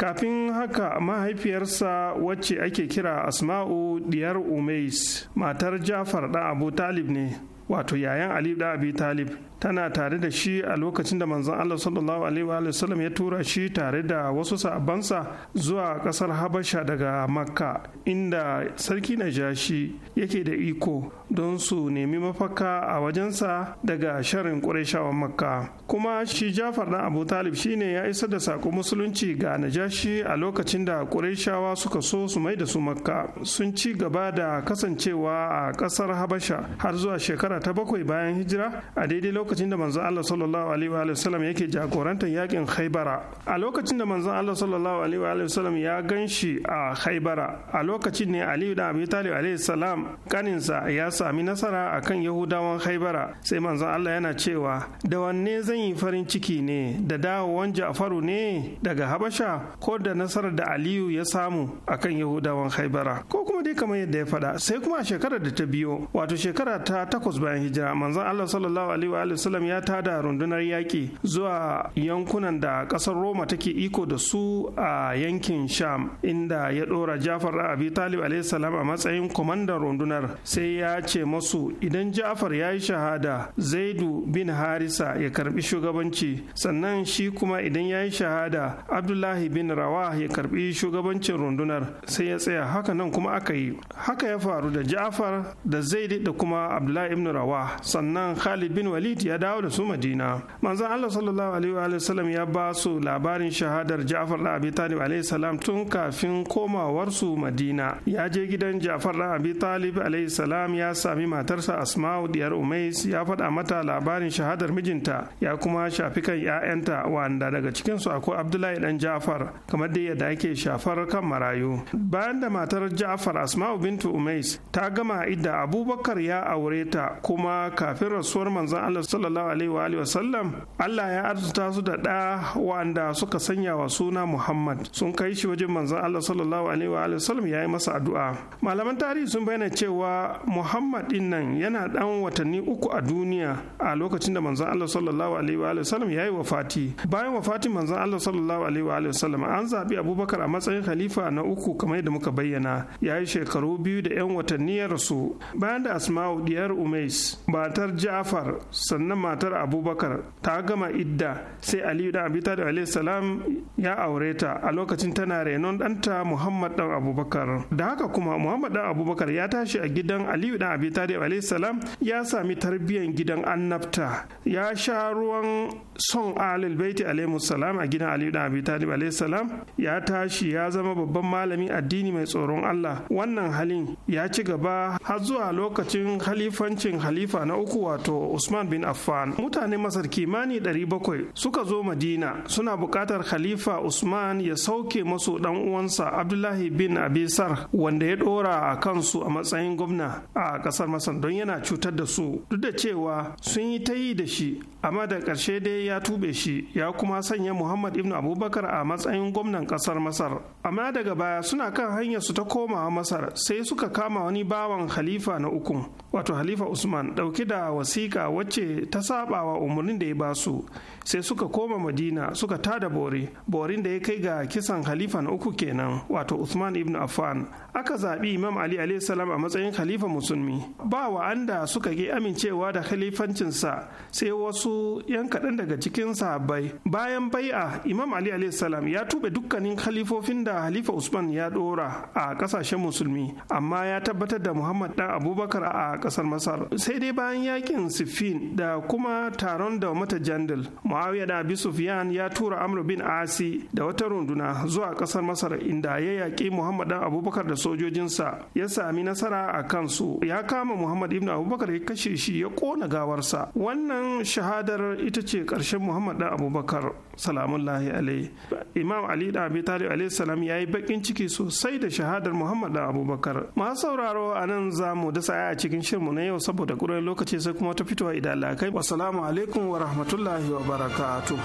kafin haka mahaifiyarsa wacce ake kira asma'u diyar umais matar jafar da abu talib ne wato yayan ali da abi talib tana tare da shi a lokacin da manzon Allah sallallahu alaihi wa ya tura shi tare da wasu sabansa zuwa kasar Habasha daga Makka inda sarki Najashi yake da iko don su nemi mafaka a wajensa daga sharin Qurayshawa Makka kuma shi Jafar dan Abu Talib shine ya isa da sako musulunci ga Najashi a lokacin da Qurayshawa suka so su mai da su Makka sun ci gaba da kasancewa a kasar Habasha har zuwa shekara ta bakwai bayan hijira a daidai lokacin lokacin da manzon Allah sallallahu alaihi wa sallam yake jagorantar yakin Khaibara a lokacin da manzon Allah sallallahu alaihi wa sallam ya ganshi a Khaibara a lokacin ne Ali da Abi Talib alaihi salam kaninsa ya sami nasara akan Yahudawan Khaibara sai manzon Allah yana cewa da wanne zan yi farin ciki ne da dawowan Ja'faru ne daga Habasha ko da nasarar da Aliyu ya samu akan Yahudawan Khaibara ko kuma dai kamar yadda ya faɗa sai kuma a shekarar da ta biyo wato shekara ta takwas bayan hijira manzon Allah sallallahu alaihi wa wasallam ya tada rundunar yaƙi zuwa yankunan da ƙasar Roma take iko da su a yankin Sham inda ya ɗora Jafar Abi Talib a matsayin kwamandan rundunar sai ya ce masu idan Jafar ya yi shahada Zaidu bin Harisa ya karbi shugabanci sannan shi kuma idan ya yi shahada Abdullahi bin Rawa ya karbi shugabancin rundunar sai ya tsaya haka nan kuma aka yi haka ya faru da Jafar da Zaid da kuma Abdullahi ibn Rawa, sannan Khalid bin Walid ya dawo da su madina manzon allah sallallahu alaihi wa sallam ya ba su labarin shahadar ja'far da abi talib alaihi salam tun kafin komawar su madina ya je gidan ja'far da abi talib alaihi salam ya sami matarsa asma'u diyar umais ya faɗa mata labarin shahadar mijinta ya kuma shafi kan 'ya'yanta wanda daga cikinsu akwai abdullahi dan ja'far kamar dai yadda ake shafar kan marayu bayan da matar ja'far asma'u bintu umais ta gama idda abubakar ya aure ta kuma kafin rasuwar manzon allah sallallahu alaihi wa alihi wasallam Allah ya arzuta su da ɗa wanda suka sanya wa suna Muhammad sun kai shi wajen manzon Allah sallallahu alaihi wa alihi wasallam ya yi masa addu'a malaman tarihi sun bayyana cewa Muhammad din nan yana dan watanni uku a duniya a lokacin da manzon Allah sallallahu alaihi wa alihi wasallam ya yi wafati bayan wafatin manzon Allah sallallahu alaihi wa alihi wasallam an zabi Abubakar a matsayin khalifa na uku kamar yadda muka bayyana ya yi shekaru biyu da 'yan watanni ya rasu bayan da Asma'u diyar Umais batar Ja'far sannan matar abubakar ta gama idda sai aliyu dan abi talib alaihi salam ya aure ta a lokacin tana renon danta muhammad dan abubakar da haka kuma muhammad dan abubakar ya tashi a gidan aliyu dan abi talib alaihi salam ya sami tarbiyyan gidan annabta ya sha ruwan son alil baiti alaihi salam a gidan aliyu dan abi talib alaihi salam ya tashi ya zama babban malami addini mai tsoron allah wannan halin ya ci gaba har zuwa lokacin halifancin halifa na uku wato usman bin Affan mutane Masar kimani 700 suka zo Madina suna bukatar Khalifa Usman ya sauke masu dan uwansa Abdullahi bin Abisar wanda ya ɗora a kansu a matsayin gwamna a kasar Masar don yana cutar da su duk da cewa sun yi ta yi da shi amma da ƙarshe dai ya tube shi ya kuma sanya muhammad ibn abubakar a matsayin gwamnan ƙasar masar amma daga baya suna kan hanyar su ta komawa masar sai suka kama wani bawan halifa na ukun wato halifa usman ɗauke da wasiƙa wacce ta saɓawa umarnin da ya basu sai suka koma madina suka tada bori borin da ya kai ga kisan halifa na uku kenan wato usman ibn affan aka zaɓi imam ali salam a matsayin khalifa musulmi ba wa anda suka ki amincewa da khalifancinsa sai wasu yan kaɗan daga cikin sahabbai bayan bai'a imam ali salam ya tuɓe dukkanin khalifofin da halifa usman ya ɗora a ƙasashen musulmi amma ya tabbatar da muhammad ɗan abubakar a ƙasar masar sai dai bayan yakin siffin da kuma taron da mata jandal muawiya da abi sufyan ya tura amr bin asi da wata runduna zuwa kasar masar inda ya yaƙi muhammad dan abubakar da sojojinsa ya sami nasara a kansu ya kama muhammad ibn abubakar ya kashe shi ya kona gawarsa wannan shahadar ita ce ƙarshen muhammad dan abubakar salamullahi alaihi imam ali da abi talib alaihi salam yayi bakin ciki sosai da shahadar muhammad da abubakar masu sauraro a nan za mu da sa'a a cikin shirmu na yau saboda ƙuran lokaci sai kuma ta fitowa idan lakai wasalamu alaikum wa rahmatullahi wa barakatuh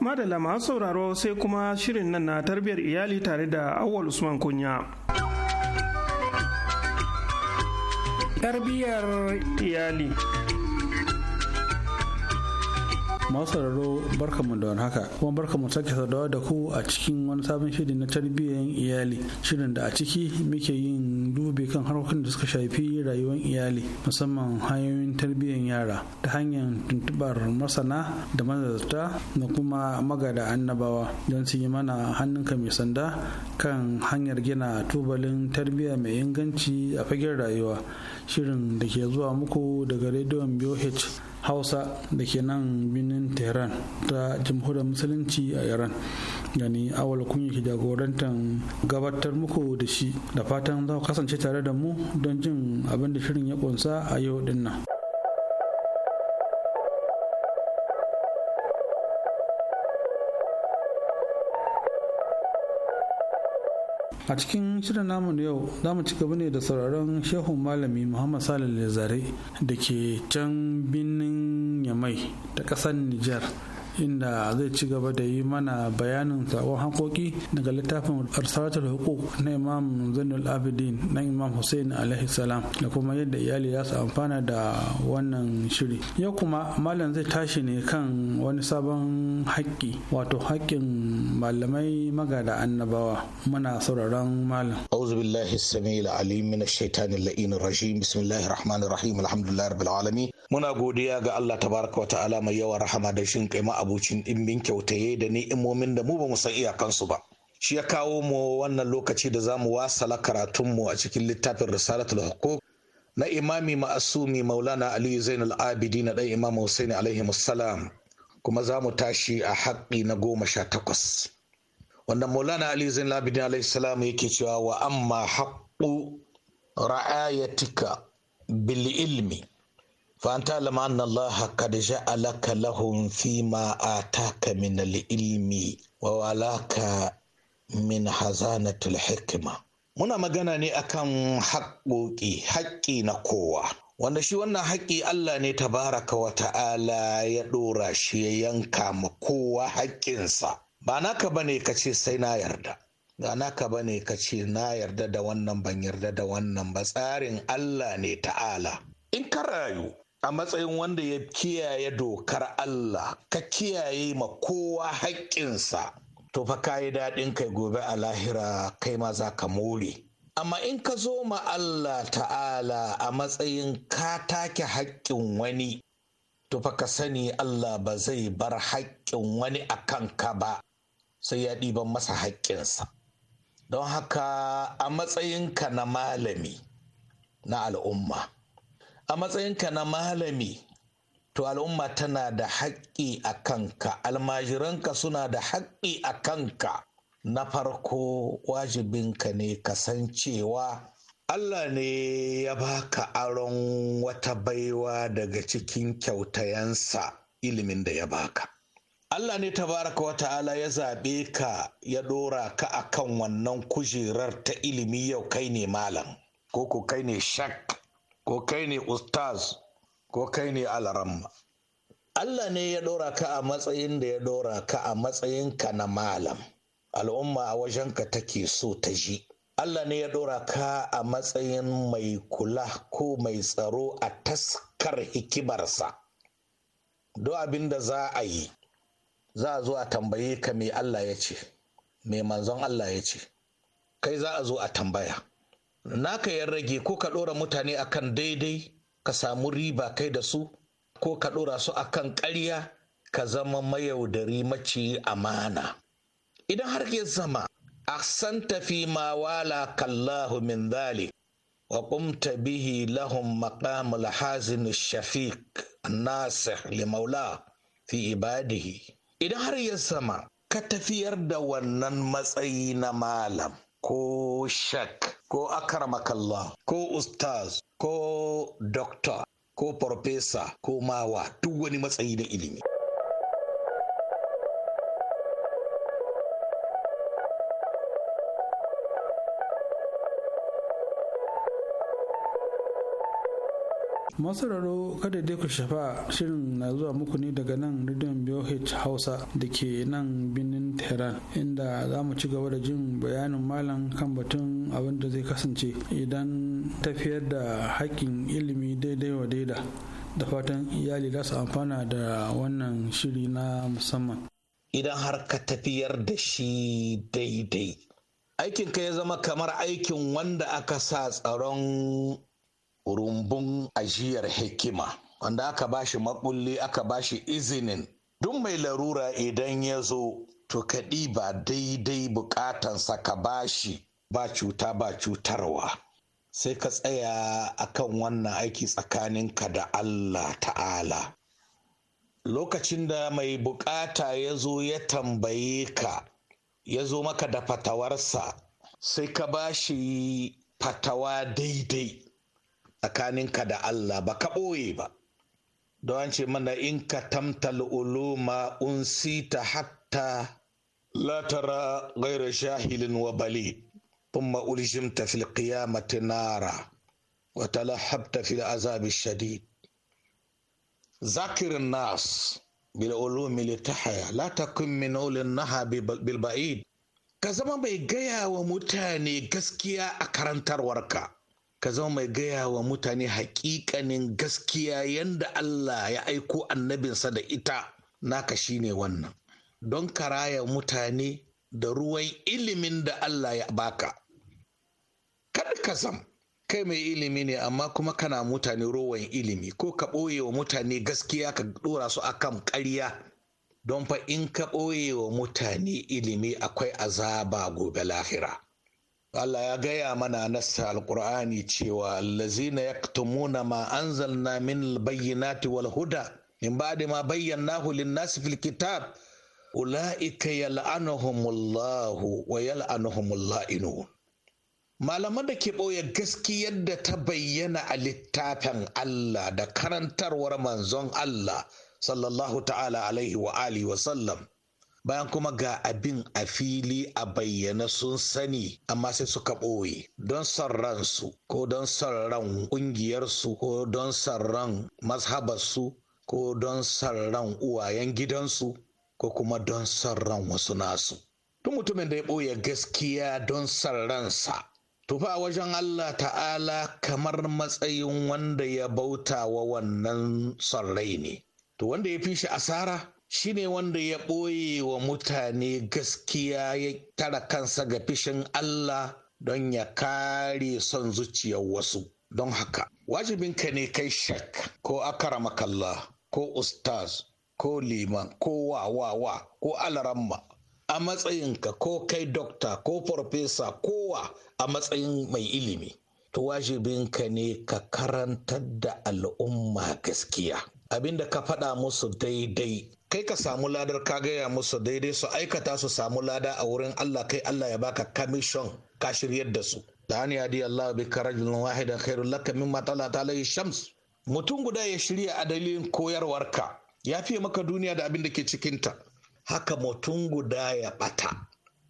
madalla masu sauraro sai kuma shirin nan na tarbiyyar iyali tare da awwal usman kunya. tarbiyyar iyali masararo barkamu da wani haka kuma barkamu sake sadawa da ku a cikin wani sabon shiri na tarbiyyar iyali shirin da a ciki muke yin dubi kan harkokin da suka shafi rayuwar iyali musamman hanyoyin tarbiyyar yara ta hanyar tuntubar masana da mazazata da kuma magada annabawa don su yi mana hannunka mai sanda kan hanyar gina tubalin tarbiyya mai inganci a fagen rayuwa shirin da ke zuwa muku daga rediyon BOH Hausa da ke nan birnin Tehran ta jamhuriyar musulunci a Iran. Gani awal kun ke jagorantar gabatar muku da shi da fatan za ku kasance tare da mu don jin abin da shirin ya kunsa a yau dinnan. a cikin shirin namu na yau za mu ci gaba ne da sauraron shehun malami muhammad salih zare da ke can birnin yamai ta ƙasar nijar inda zai ci gaba da yi mana bayanin sakon hakoki daga littafin arsalatul hukuk na imam zainul abidin na imam hussein alaihi salam da kuma yadda iyali za su amfana da wannan shiri yau kuma malam zai tashi ne kan wani sabon haƙƙi wato haƙƙin malamai magada annabawa muna sauraron malam auzu billahi samil alim min la'in rajim bismillahir rahmanir rahim muna godiya ga Allah tabaraka wa ta'ala mai yawa rahama da shin kai ma abocin ɗimbin kyautaye da ni'imomin da mu ba mu san iyakansu ba shi ya kawo mu wannan lokaci da za mu wasala karatunmu a cikin littafin risalatul hukuk na imami ma'asumi maulana aliyu zainul abidi na ɗan imam husaini alaihi salam kuma za mu tashi a haƙƙi na goma sha takwas Wannan maulana aliyu zainul abidi alaihi salam yake cewa wa amma haƙƙu ra'ayatika bil ilmi fanta lamanna Allah kad ja'alaka lahum fima ataka min al-ilmi wa walaka min hazanatul hikima muna magana ne akan haƙoƙi haƙƙi na kowa wanda shi wannan haƙƙi Allah ne tabaraka wa ta'ala ya ɗora shi ya yanka ma kowa haƙƙinsa ba naka bane ka ce sai na yarda ba naka bane ka ce na yarda da wannan ban yarda da wannan ba tsarin Allah ne ta'ala in ka rayu a matsayin wanda ya kiyaye dokar Allah ka kiyaye ma kowa haƙƙinsa to fa ka yi daɗin kai gobe a lahira kai ma za ka more amma in ka zo ma Allah ta'ala a matsayin ka take haƙƙin wani to fa ka sani Allah ba zai bar haƙƙin wani a kanka ba sai ya ɗiban masa haƙƙinsa don haka a matsayinka na malami na al'umma a matsayinka na malami to al'umma tana da haƙƙi a kanka almajiranka suna da haƙƙi a kanka na farko wajibinka ne kasancewa Allah ne ya baka aron wata baiwa daga cikin kyautayensa ilimin da ya baka. Allah ne tabaraka wa ta'ala ya zaɓe ka ya ɗora ka akan wannan kujerar ta ilimi yau kai ne malam ko ku kai ne shak ko kai ne ustaz ko kai ne alaramma Allah ne ya ɗora ka a matsayin da ya ɗora ka a matsayin ka na malam al'umma a wajen ka take so ta ji Allah ne ya ɗora ka a matsayin mai kula ko mai tsaro a taskar hikimarsa do abin da za a yi za a zo a tambaye ka me Allah ya ce me manzon Allah ya ce kai za a zo a tambaya naka ya rage ko ka ɗora mutane akan daidai ka samu riba kai da su ko ka ɗora su akan ƙarya ka zama mayaudari mace amana idan har ya zama san tafi ma wala kallahu min dhali wa qumta bihi lahum maqam al-hazin shafiq nasih li maula fi ibadihi idan har ya zama ka tafiyar da wannan matsayi na malam ko shek ko akarmakallah ko ustaz ko doktor ko farfesa ko mawa duk wani matsayi na ilimi. masararo kada dai ku shafa shirin na zuwa muku ne daga nan rediyon BOH Hausa da ke nan birnin Tehran inda za mu ci gaba da jin bayanin malam kan batun abin da zai kasance idan tafiyar da haƙƙin ilimi daidai wa daida da fatan iyali za su amfana da wannan shiri na musamman. Idan har ka tafiyar da shi daidai aikinka ya zama kamar aikin wanda aka sa tsaron rumbun ajiyar hikima wanda aka ba shi makulli aka ba shi izinin duk mai larura idan ya zo to kaɗi ba daidai bukatansa ka ba shi ba cuta ba cutarwa sai ka tsaya akan wannan aiki tsakaninka da Allah ta'ala lokacin da mai bukata ya zo ya tambaye ka ya zo maka da fatawarsa sai ka ba shi fatawa daidai tsakaninka da Allah ba ka ɓoye ba don ce mana in ka tamtal uluma unsita hatta la tara gaira shahilin wa bali thumma uljimta fil qiyamati nara wa talahabta fil azabi shadid ذاكر الناس بالعلوم لتحيا لا min من أول النهى بالبعيد ka zama mai gaya wa mutane gaskiya a karantarwarka ka zama mai gaya wa mutane hakikanin gaskiya yanda Allah ya aiko annabinsa da ita naka shine wannan don karaya mutane da ruwan ilimin da Allah ya baka kada ka zam kai mai ilimi ne amma kuma kana mutane ruwan ilimi ko ka ɓoye wa mutane gaskiya ka ɗora su akan ƙarya don fa in ka ɓoye wa mutane ilimi akwai azaba gobe lahira Allah ya gaya mana nasa alkur'ani cewa allazina yaktumuna ma anzalna min bayyinati wal huda min ba'di ma bayyanahu lin-nasi fil kitab ula'ika yal'anuhumullahu wa yal'anuhumul la'inun malaman da ke ɓoye gaskiyar da ta bayyana a littafin Allah da karantarwar manzon Allah sallallahu ta'ala alaihi wa alihi wa sallam bayan kuma ga abin a fili a bayyana sun sani amma sai suka ɓoye don son ransu ko don son ran ƙungiyarsu ko don son ran mazhabarsu ko don son ran uwayen gidansu ko kuma don son ran wasu nasu tun mutumin da ya ɓoye gaskiya don son ransa tufa a wajen Allah ta'ala kamar matsayin wanda ya bauta wa wannan son rai ne to wanda ya fi shi asara Shi ne wanda ya ɓoye wa mutane gaskiya ya tara kansa ga fishin Allah don ya kare son zuciyar wasu. Don haka, wajibinka ne kai shak ko Akara Makalla, ko ustaz ko liman ko wawawa ko alaramma a matsayinka ko kai dokta ko farfesa kowa a matsayin mai ilimi. To wajibinka ne ka karantar da al'umma gaskiya. Abinda ka faɗa musu daidai kai ka samu ladar ka gaya musu daidai su aikata su samu lada a wurin Allah kai Allah ya baka commission ka shiryar da su da ya di Allah bi karajul wahida khairul laka mimma talata alayhi shams mutum guda ya shirya a dalilin koyarwarka ya fiye maka duniya da abin da ke cikinta haka mutum guda ya bata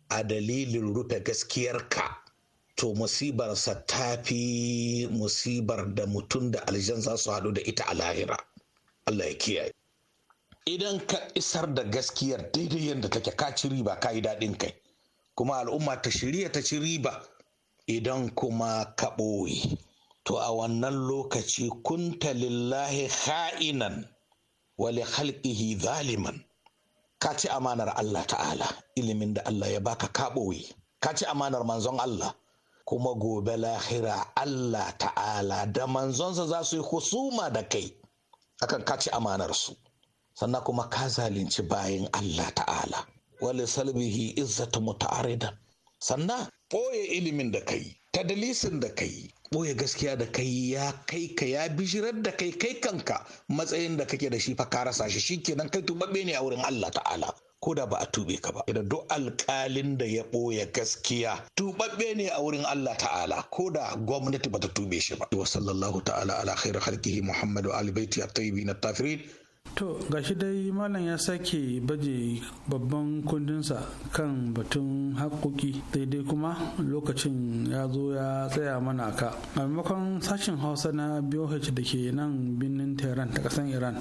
a dalilin rufe gaskiyarka to musibarsa ta fi musibar da mutum da aljan za su haɗu da ita a lahira Allah ya kiyaye idan ka isar da gaskiyar daidai yadda take ka ci riba ka yi daɗin kai kuma al'umma ta shirya ta ci riba idan kuma ka ɓoye to a wannan lokaci kunta lillahi ha'inan wali halƙihi zaliman ka ci amanar Allah ta'ala ilimin da Allah ya baka ka ɓoye ka ci amanar manzon Allah kuma gobe lahira Allah ta'ala da manzonsa za su yi husuma da kai akan ka ci su. sannan kuma ka zalunci bayan Allah ta'ala wale salbihi izzata muta'aridan sannan ɓoye ilimin da kai dalisin da kai ɓoye gaskiya da kai ya kai ka ya bijirar da kai kai kanka matsayin da kake da shi fa ka rasa shi shikenan kai tubabbe ne a wurin Allah ta'ala ko da ba a tube ka ba idan duk alkalin da ya ɓoye gaskiya tubabbe ne a wurin Allah ta'ala ko da gwamnati ba ta tube shi ba wa sallallahu ta'ala ala khairu khalqihi muhammadu ali baiti at-tayyibin at-tafirin to gashi dai malam ya sake baje babban kundinsa kan batun haƙoƙi daidai kuma lokacin ya zo ya tsaya mana ka a maimakon sashen hausa na boh da ke nan birnin tehran ta ƙasar iran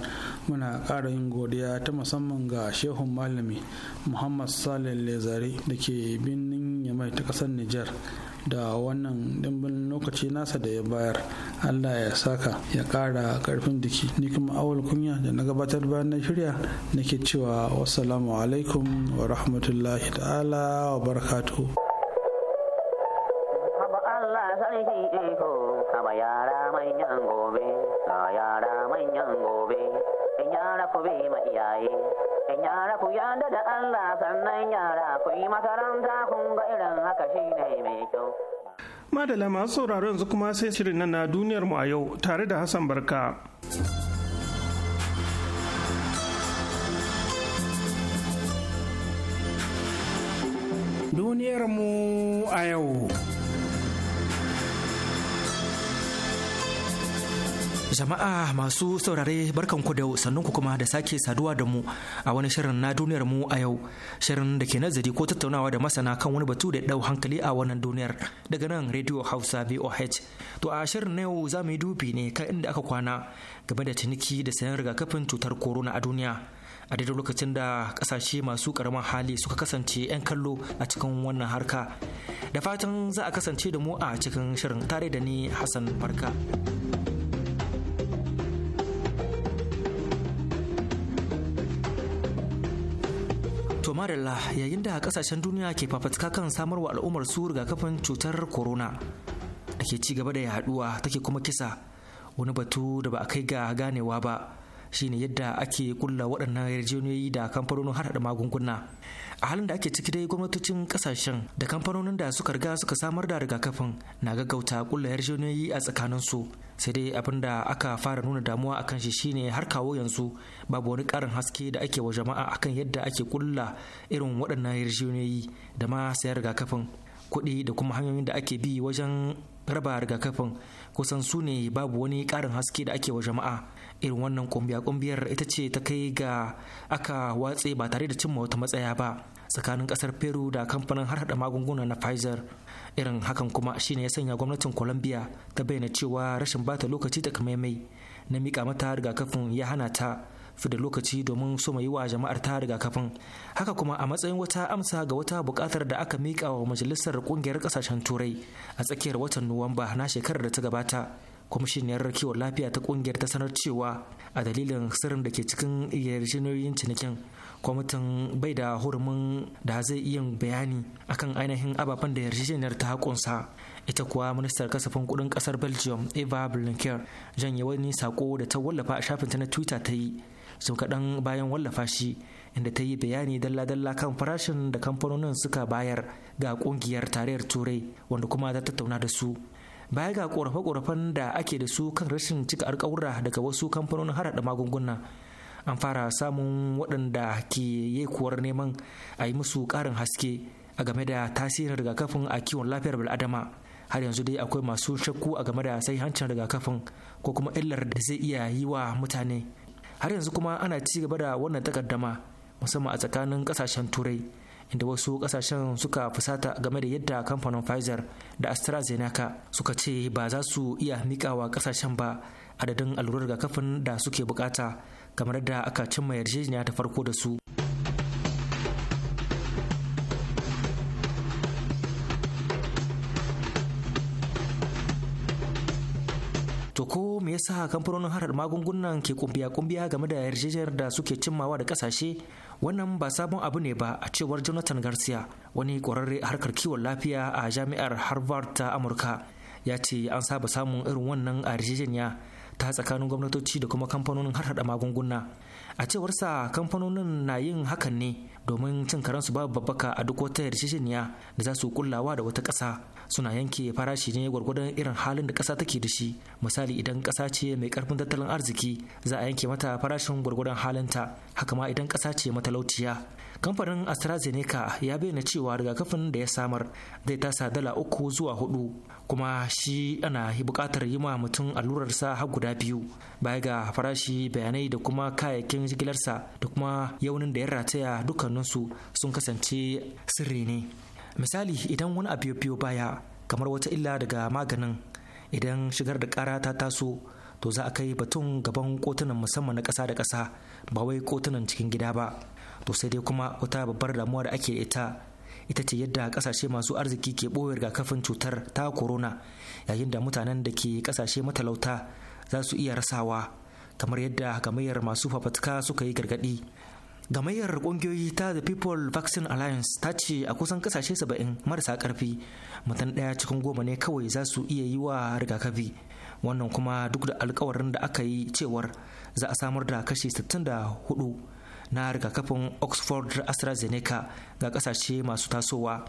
muna ƙara yin godiya ta musamman ga shehun malami muhammad salih lezare da ke birnin yamai ta ƙasar nijar da wannan dimbin lokaci nasa da ya bayar allah ya saka ya ƙara karfin jiki ni kuma awal kunya da na gabatar bayan na shirya nake cewa wassalamu alaikum wa rahmatullahi ta'ala wa Allah barakatuhu yara manyan gobe yi iyaye in yara ku yarda da Allah sannan yara ku yi makaranta kun ga irin haka shine mai kyau madala masu sauraro yanzu kuma sai shirin na duniyar mu a yau tare da Hassan Barka duniyar mu a yau Jama'a masu saurare barkanku da ku kuma da sake saduwa da mu a wani shirin na duniyar mu a yau shirin da ke nazari ko tattaunawa da masana kan wani batu da dau hankali a wannan duniyar daga nan Radio Hausa VOH. To a shirin na yau za mu yi dubi ne kan inda aka kwana game da ciniki da sayan rigakafin cutar corona a duniya. a daidai lokacin da kasashe masu karamin hali suka kasance 'yan kallo a cikin wannan harka da fatan za a kasance da mu a cikin shirin tare da ni hassan Barka. Tomarilla yayin da kasashen duniya ke fafatka kan samarwa al'ummar su rigakafin cutar corona da ke ci gaba da yaduwa take kuma kisa wani batu da ba a kai ga ganewa ba shine yadda ake kulla waɗannan yarjejeniyoyi da kamfanonin harhaɗa magunguna a halin da ake ciki dai gwamnatocin kasashen da kamfanonin da suka riga suka samar da rigakafin na gaggauta kulla yarjejeniyoyi a tsakanin su sai dai abin da aka fara nuna damuwa a kan shi shine har kawo yanzu babu wani karin haske da ake wa jama'a akan yadda ake kulla irin waɗannan yarjejeniyoyi da ma sayar rigakafin kuɗi da kuma hanyoyin da ake bi wajen raba rigakafin kusan su ne babu wani ƙarin haske da ake wa jama'a irin wannan kumbiya-kumbiyar ita ce ta kai ga aka watse ba tare da cimma wata matsaya ba tsakanin kasar peru da kamfanin harhaɗa magunguna na pfizer irin hakan kuma shine ya sanya gwamnatin colombia ta bayyana cewa rashin bata lokaci takamaimai na mika mata rigakafin ya hana ta fi da lokaci domin su yi wa jama'ar ta rigakafin haka kuma a matsayin wata amsa ga wata bukatar da aka mika wa majalisar kungiyar kasashen turai a tsakiyar watan nuwamba na shekarar da ta gabata kwamishiniyar kiwon lafiya ta kungiyar ta sanar cewa a dalilin sirrin da ke cikin yarjejeniyoyin cinikin kwamitin bai da hurumin da zai iya bayani akan ainihin ababen da yarjejeniyar ta hakunsa ita kuwa ministar kasafin kudin kasar belgium eva blinker janye wani sako da ta wallafa a shafinta na twitter ta yi sun kaɗan bayan wallafa shi inda ta yi bayani dalla-dalla kan farashin da kamfanonin suka bayar ga ƙungiyar tarayyar turai wanda kuma ta tattauna da su baya ga ƙorafe korafen da ake da su kan rashin cika alƙawura daga wasu kamfanonin harada magunguna an fara samun waɗanda ke yekuwar neman a yi musu ƙarin haske a game da tasirin rigakafin a kiwon lafiyar bil'adama har yanzu dai akwai masu shakku a game da sai hancin rigakafin ko kuma illar da zai iya yi wa mutane har yanzu kuma ana ci gaba da wannan takaddama musamman a tsakanin kasashen turai inda wasu kasashen suka fusata game da yadda kamfanin pfizer da astrazeneca suka ce ba za su iya mikawa kasashen ba adadin allurar kafin da suke bukata kamar da aka cimma yarjejeniya ta farko da su. me yasa kamfanonin harar magungunan ke kumbiya-kumbiya game da yarjejeniyar da suke cimmawa da kasashe wannan ba sabon abu ne ba a cewar jonathan garcia wani kwararre a harkar kiwon lafiya a jami'ar harvard ta amurka ya ce an saba samun irin wannan a yarjejeniya ta tsakanin gwamnatoci da kuma kamfanonin harhaɗa magunguna a cewarsa kamfanonin na yin hakan ne domin cin karansu babu babbaka a duk wata yarjejeniya da za su kullawa da wata ƙasa suna yanke farashi ne gwargwadon irin halin da kasa take da shi misali idan ƙasa ce mai karfin tattalin arziki za a yanke mata farashin gwargwadon halinta haka ma idan ƙasa ce matalauciya kamfanin astrazeneca ya bayyana cewa rigakafin da ya samar zai tasa dala uku zuwa hudu kuma shi ana buƙatar yi ma mutum allurar sa har guda biyu baya ga farashi bayanai da kuma kayayyakin jigilarsa da kuma yaunin da ya rataya dukkaninsu sun kasance sirri ne misali idan wani abu biyo baya kamar wata illa daga maganin idan shigar da kara ta taso to za a kai batun gaban kotunan musamman na ƙasa da ƙasa ba wai kotunan cikin gida ba to sai dai kuma wata babbar damuwa da ake ita ita ce yadda ƙasashe masu arziki ke ɓoye rigakafin cutar ta corona yayin da mutanen da ke ƙasashe matalauta za su iya rasawa kamar yadda gamayyar masu fafatuka suka yi gargaɗi gamayyar kungiyoyi ta the people vaccine alliance ta ce a kusan kasashe 70 marasa karfi mutum daya cikin goma ne kawai za su iya yi wa rigakafi wannan kuma duk da alkawarin da aka yi cewar za a samar da kashi 64 na rigakafin oxford astrazeneca ga kasashe masu tasowa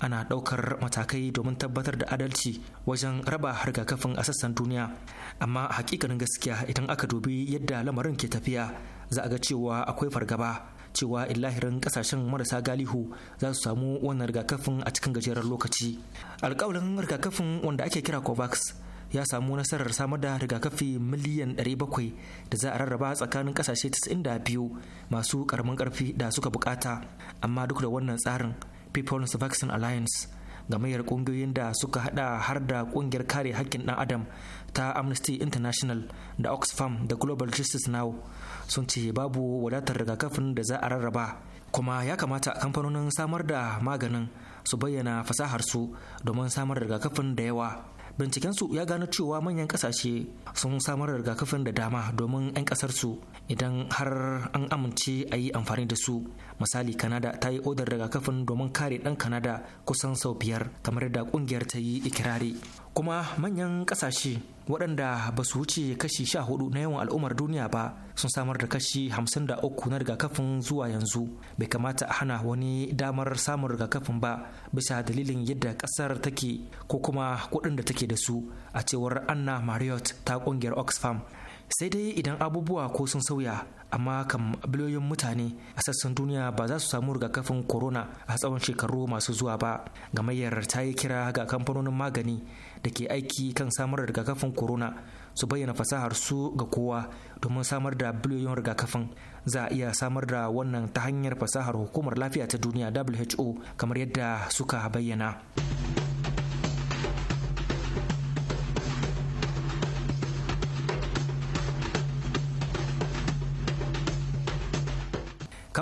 ana ɗaukar matakai domin tabbatar da adalci wajen raba rigakafin a sassan duniya amma hakikanin gaskiya idan aka dubi yadda lamarin ke tafiya za a ga cewa akwai fargaba cewa illahirin kasashen marasa galihu za su samu wannan rigakafin a cikin gajeren lokaci alkawalin rigakafin wanda ake kira covax ya samu nasarar samar da rigakafi miliyan 700 da za a rarraba tsakanin kasashe 92 masu karamin karfi da suka bukata amma duk da wannan tsarin people's vaccine alliance gamayyar kungiyoyin da suka hada har da kungiyar kare hakkin dan adam ta amnesty international da oxfam da global justice now sun ce babu wadatar rigakafin da za a rarraba kuma ya kamata kamfanonin samar da maganin su bayyana fasahar su domin samar da rigakafin da yawa bincikensu ya gano cewa manyan kasashe sun samar da rigakafin da dama domin 'yan ƙasarsu idan har an amince a yi amfani da su misali kanada ta yi odar rigakafin domin kare dan kanada kusan sau biyar kamar da kungiyar ta yi ikirari kuma manyan kasashe waɗanda ba su wuce kashi sha hudu na yawan al'ummar duniya ba sun samar da kashi hamsin da uku na rigakafin zuwa yanzu bai kamata a hana wani damar samun rigakafin ba bisa dalilin yadda ƙasar take ko kuma kuɗin da take da su a cewar anna mariot ta ƙungiyar oxfam sai dai idan abubuwa ko sun sauya amma kan biliyoyin mutane a sassan duniya ba za su samu rigakafin corona a tsawon shekaru masu zuwa ba gamayyar ta yi kira ga kamfanonin magani da ke aiki kan samar da rigakafin corona su bayyana fasahar su ga kowa domin samar da biliyoyin rigakafin za a iya samar da wannan ta hanyar fasahar hukumar lafiya ta duniya who kamar yadda suka bayyana.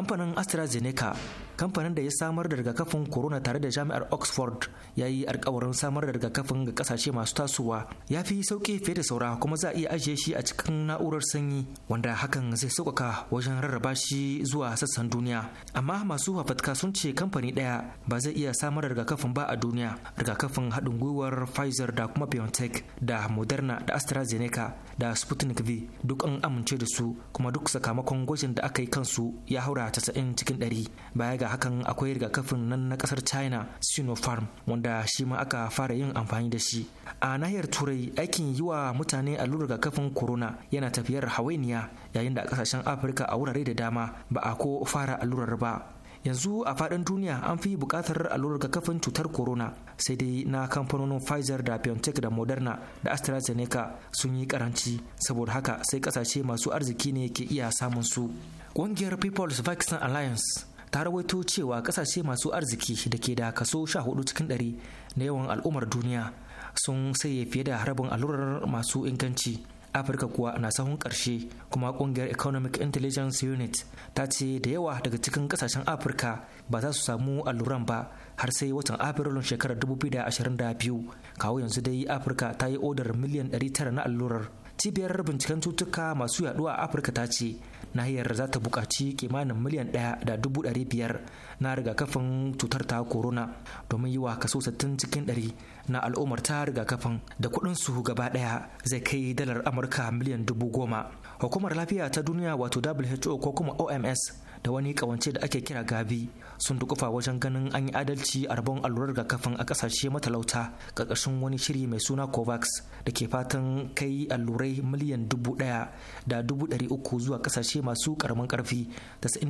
kamfanin astrazeneca kamfanin da ya samar da rigakafin corona tare da jami'ar oxford ya yi alkawarin samar da rigakafin ga kasashe masu tasowa ya fi sauki fiye da saura kuma za a iya ajiye shi a cikin na'urar sanyi wanda hakan zai sauƙaƙa wajen rarraba shi zuwa sassan duniya amma masu hafatka sun ce kamfani ɗaya ba zai iya samar da rigakafin ba a duniya rigakafin haɗin gwiwar pfizer da kuma biontech da moderna da astrazeneca da sputnik v duk an amince da su kuma duk sakamakon gwajin da aka yi kansu ya haura 90 cikin ɗari, baya ga hakan akwai rigakafin nan na ƙasar china sinopharm wanda shi ma aka fara yin amfani da shi a nahiyar turai aikin yi wa mutane allurar rigakafin corona yana tafiyar hawainiya yayin da a kasashen afirka a wurare da dama ba a ko fara allurar ba yanzu a faɗin duniya an fi buƙatar allurar kafin cutar corona sai dai na kamfanonin pfizer da biontech da moderna da astrazeneca sun yi karanci saboda haka sai ƙasashe masu arziki ne ke iya samun su ƙungiyar people's vaccine alliance ta rawaito cewa kasashe masu arziki da ke da kaso 14 cikin 100 na yawan al'ummar duniya sun saye fiye da harabin allurar masu inganci afirka kuwa na sahun karshe kuma kungiyar economic intelligence unit ta ce da yawa daga cikin kasashen afirka ba za su samu alluran ba har sai watan afirilun shekarar 2022 kawo yanzu dai afirka ta yi odar miliyan 900 na allurar cibiyar binciken cutuka masu yaduwa a afirka ta ce nahiyar za ta buƙaci kimanin miliyan ɗaya da dubu ɗari biyar na rigakafin cutar ta corona domin yi wa kaso 60 cikin ɗari na al'ummar ta rigakafin da kuɗin su gaba ɗaya zai kai dalar amurka miliyan dubu goma hukumar lafiya ta duniya wato who ko kuma oms da wani kawance da ake kira gabi sun dukufa wajen ganin an yi adalci a rabon allurar kafin a kasashe matalauta ƙarƙashin wani shiri mai suna covax da ke fatan kai allurai miliyan dubu ɗaya da dubu ɗari uku zuwa kasashe masu ƙaramin ƙarfi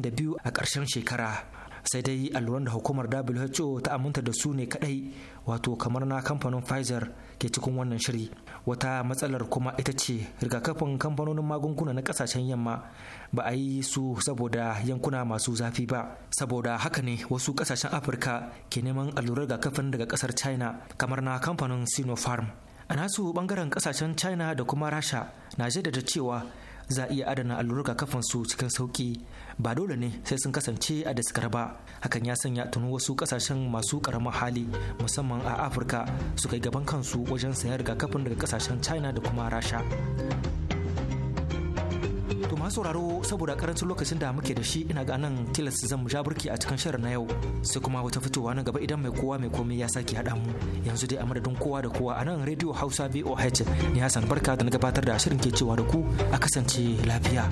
da biyu a ƙarshen shekara sai dai alluran da hukumar who ta aminta da su ne kadai wato kamar na kamfanin pfizer ke cikin wannan shiri wata matsalar kuma ita ce rigakafin kamfanonin magunguna na kasashen yamma ba a yi su saboda yankuna masu zafi ba saboda haka ne wasu kasashen afirka ke neman allurar rigakafin daga kasar china kamar na kamfanin sinopharm a nasu bangaren kasashen china da kuma rasha na jaddada cewa za a iya adana allurar rigakafin su cikin sauki ba dole ne sai sun kasance a daskar ba hakan ya sanya tuni wasu kasashen masu karamin hali musamman a afirka su yi gaban kansu wajen ga kafin daga kasashen china da kuma rasha To masu sauraro saboda karancin lokacin da muke da shi ina ga nan tilas zan mu jaburki a cikin shirin na yau sai kuma wata fitowa na gaba idan mai kowa mai komai ya sake haɗa mu yanzu dai a madadin kowa da kowa a nan radio Hausa BOH ne Hassan Barka da na gabatar da shirin ke cewa da ku a kasance lafiya.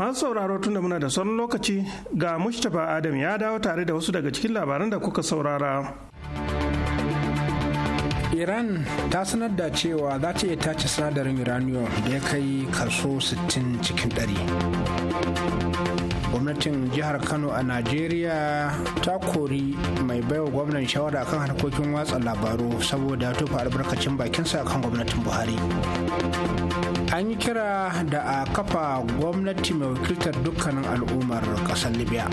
masu sauraro tun da muna da sauran lokaci ga mustapha adam ya dawo tare da wasu daga cikin labaran da kuka saurara iran ta sanar da cewa za ta iya tace sinadarin uranium da ya kai kaso 60 cikin 100 gwamnatin jihar kano a najeriya ta kori mai baiwa gwamnan shawara akan harkokin watsa labaru saboda ya tufa albarkacin bakinsa akan gwamnatin buhari an yi kira da a kafa gwamnati mai wakiltar dukkanin al'ummar kasar libya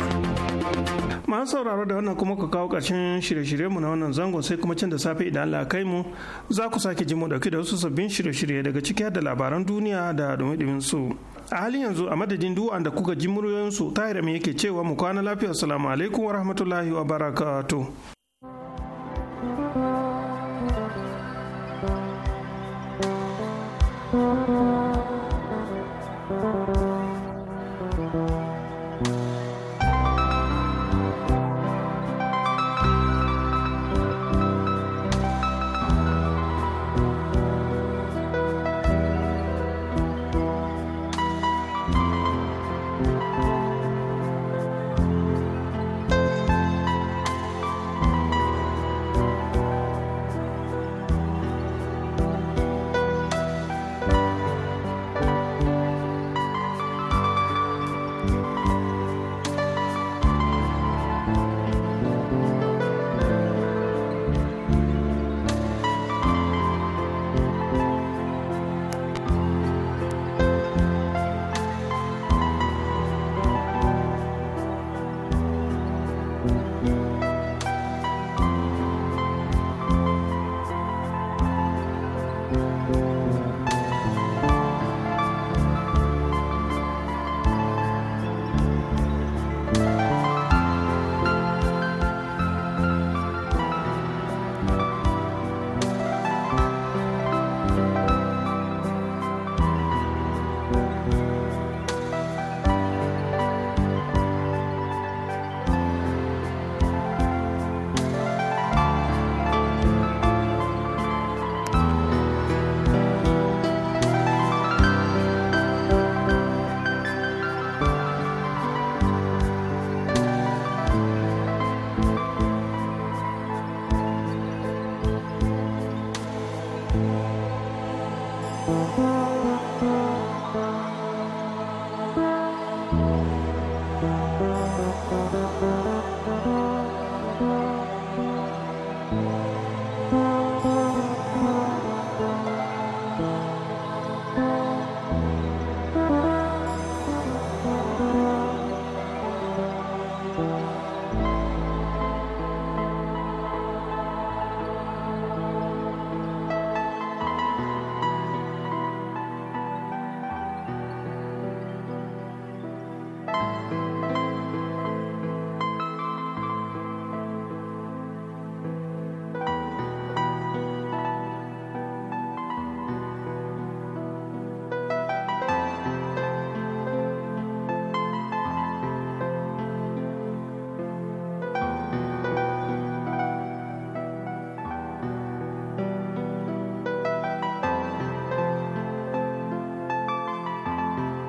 masu sauraro da wannan kuma ka kawo ƙarshen shirye-shirye mu na wannan zangon sai kuma can da safe idan Allah kai mu za ku sake ji mu dauke da wasu sabbin shirye-shirye daga ciki da labaran duniya da dumi su a halin yanzu a madadin du'an da kuka ji muryoyin su mai yake cewa mu kwana lafiya assalamu alaikum wa rahmatullahi wa barakatuh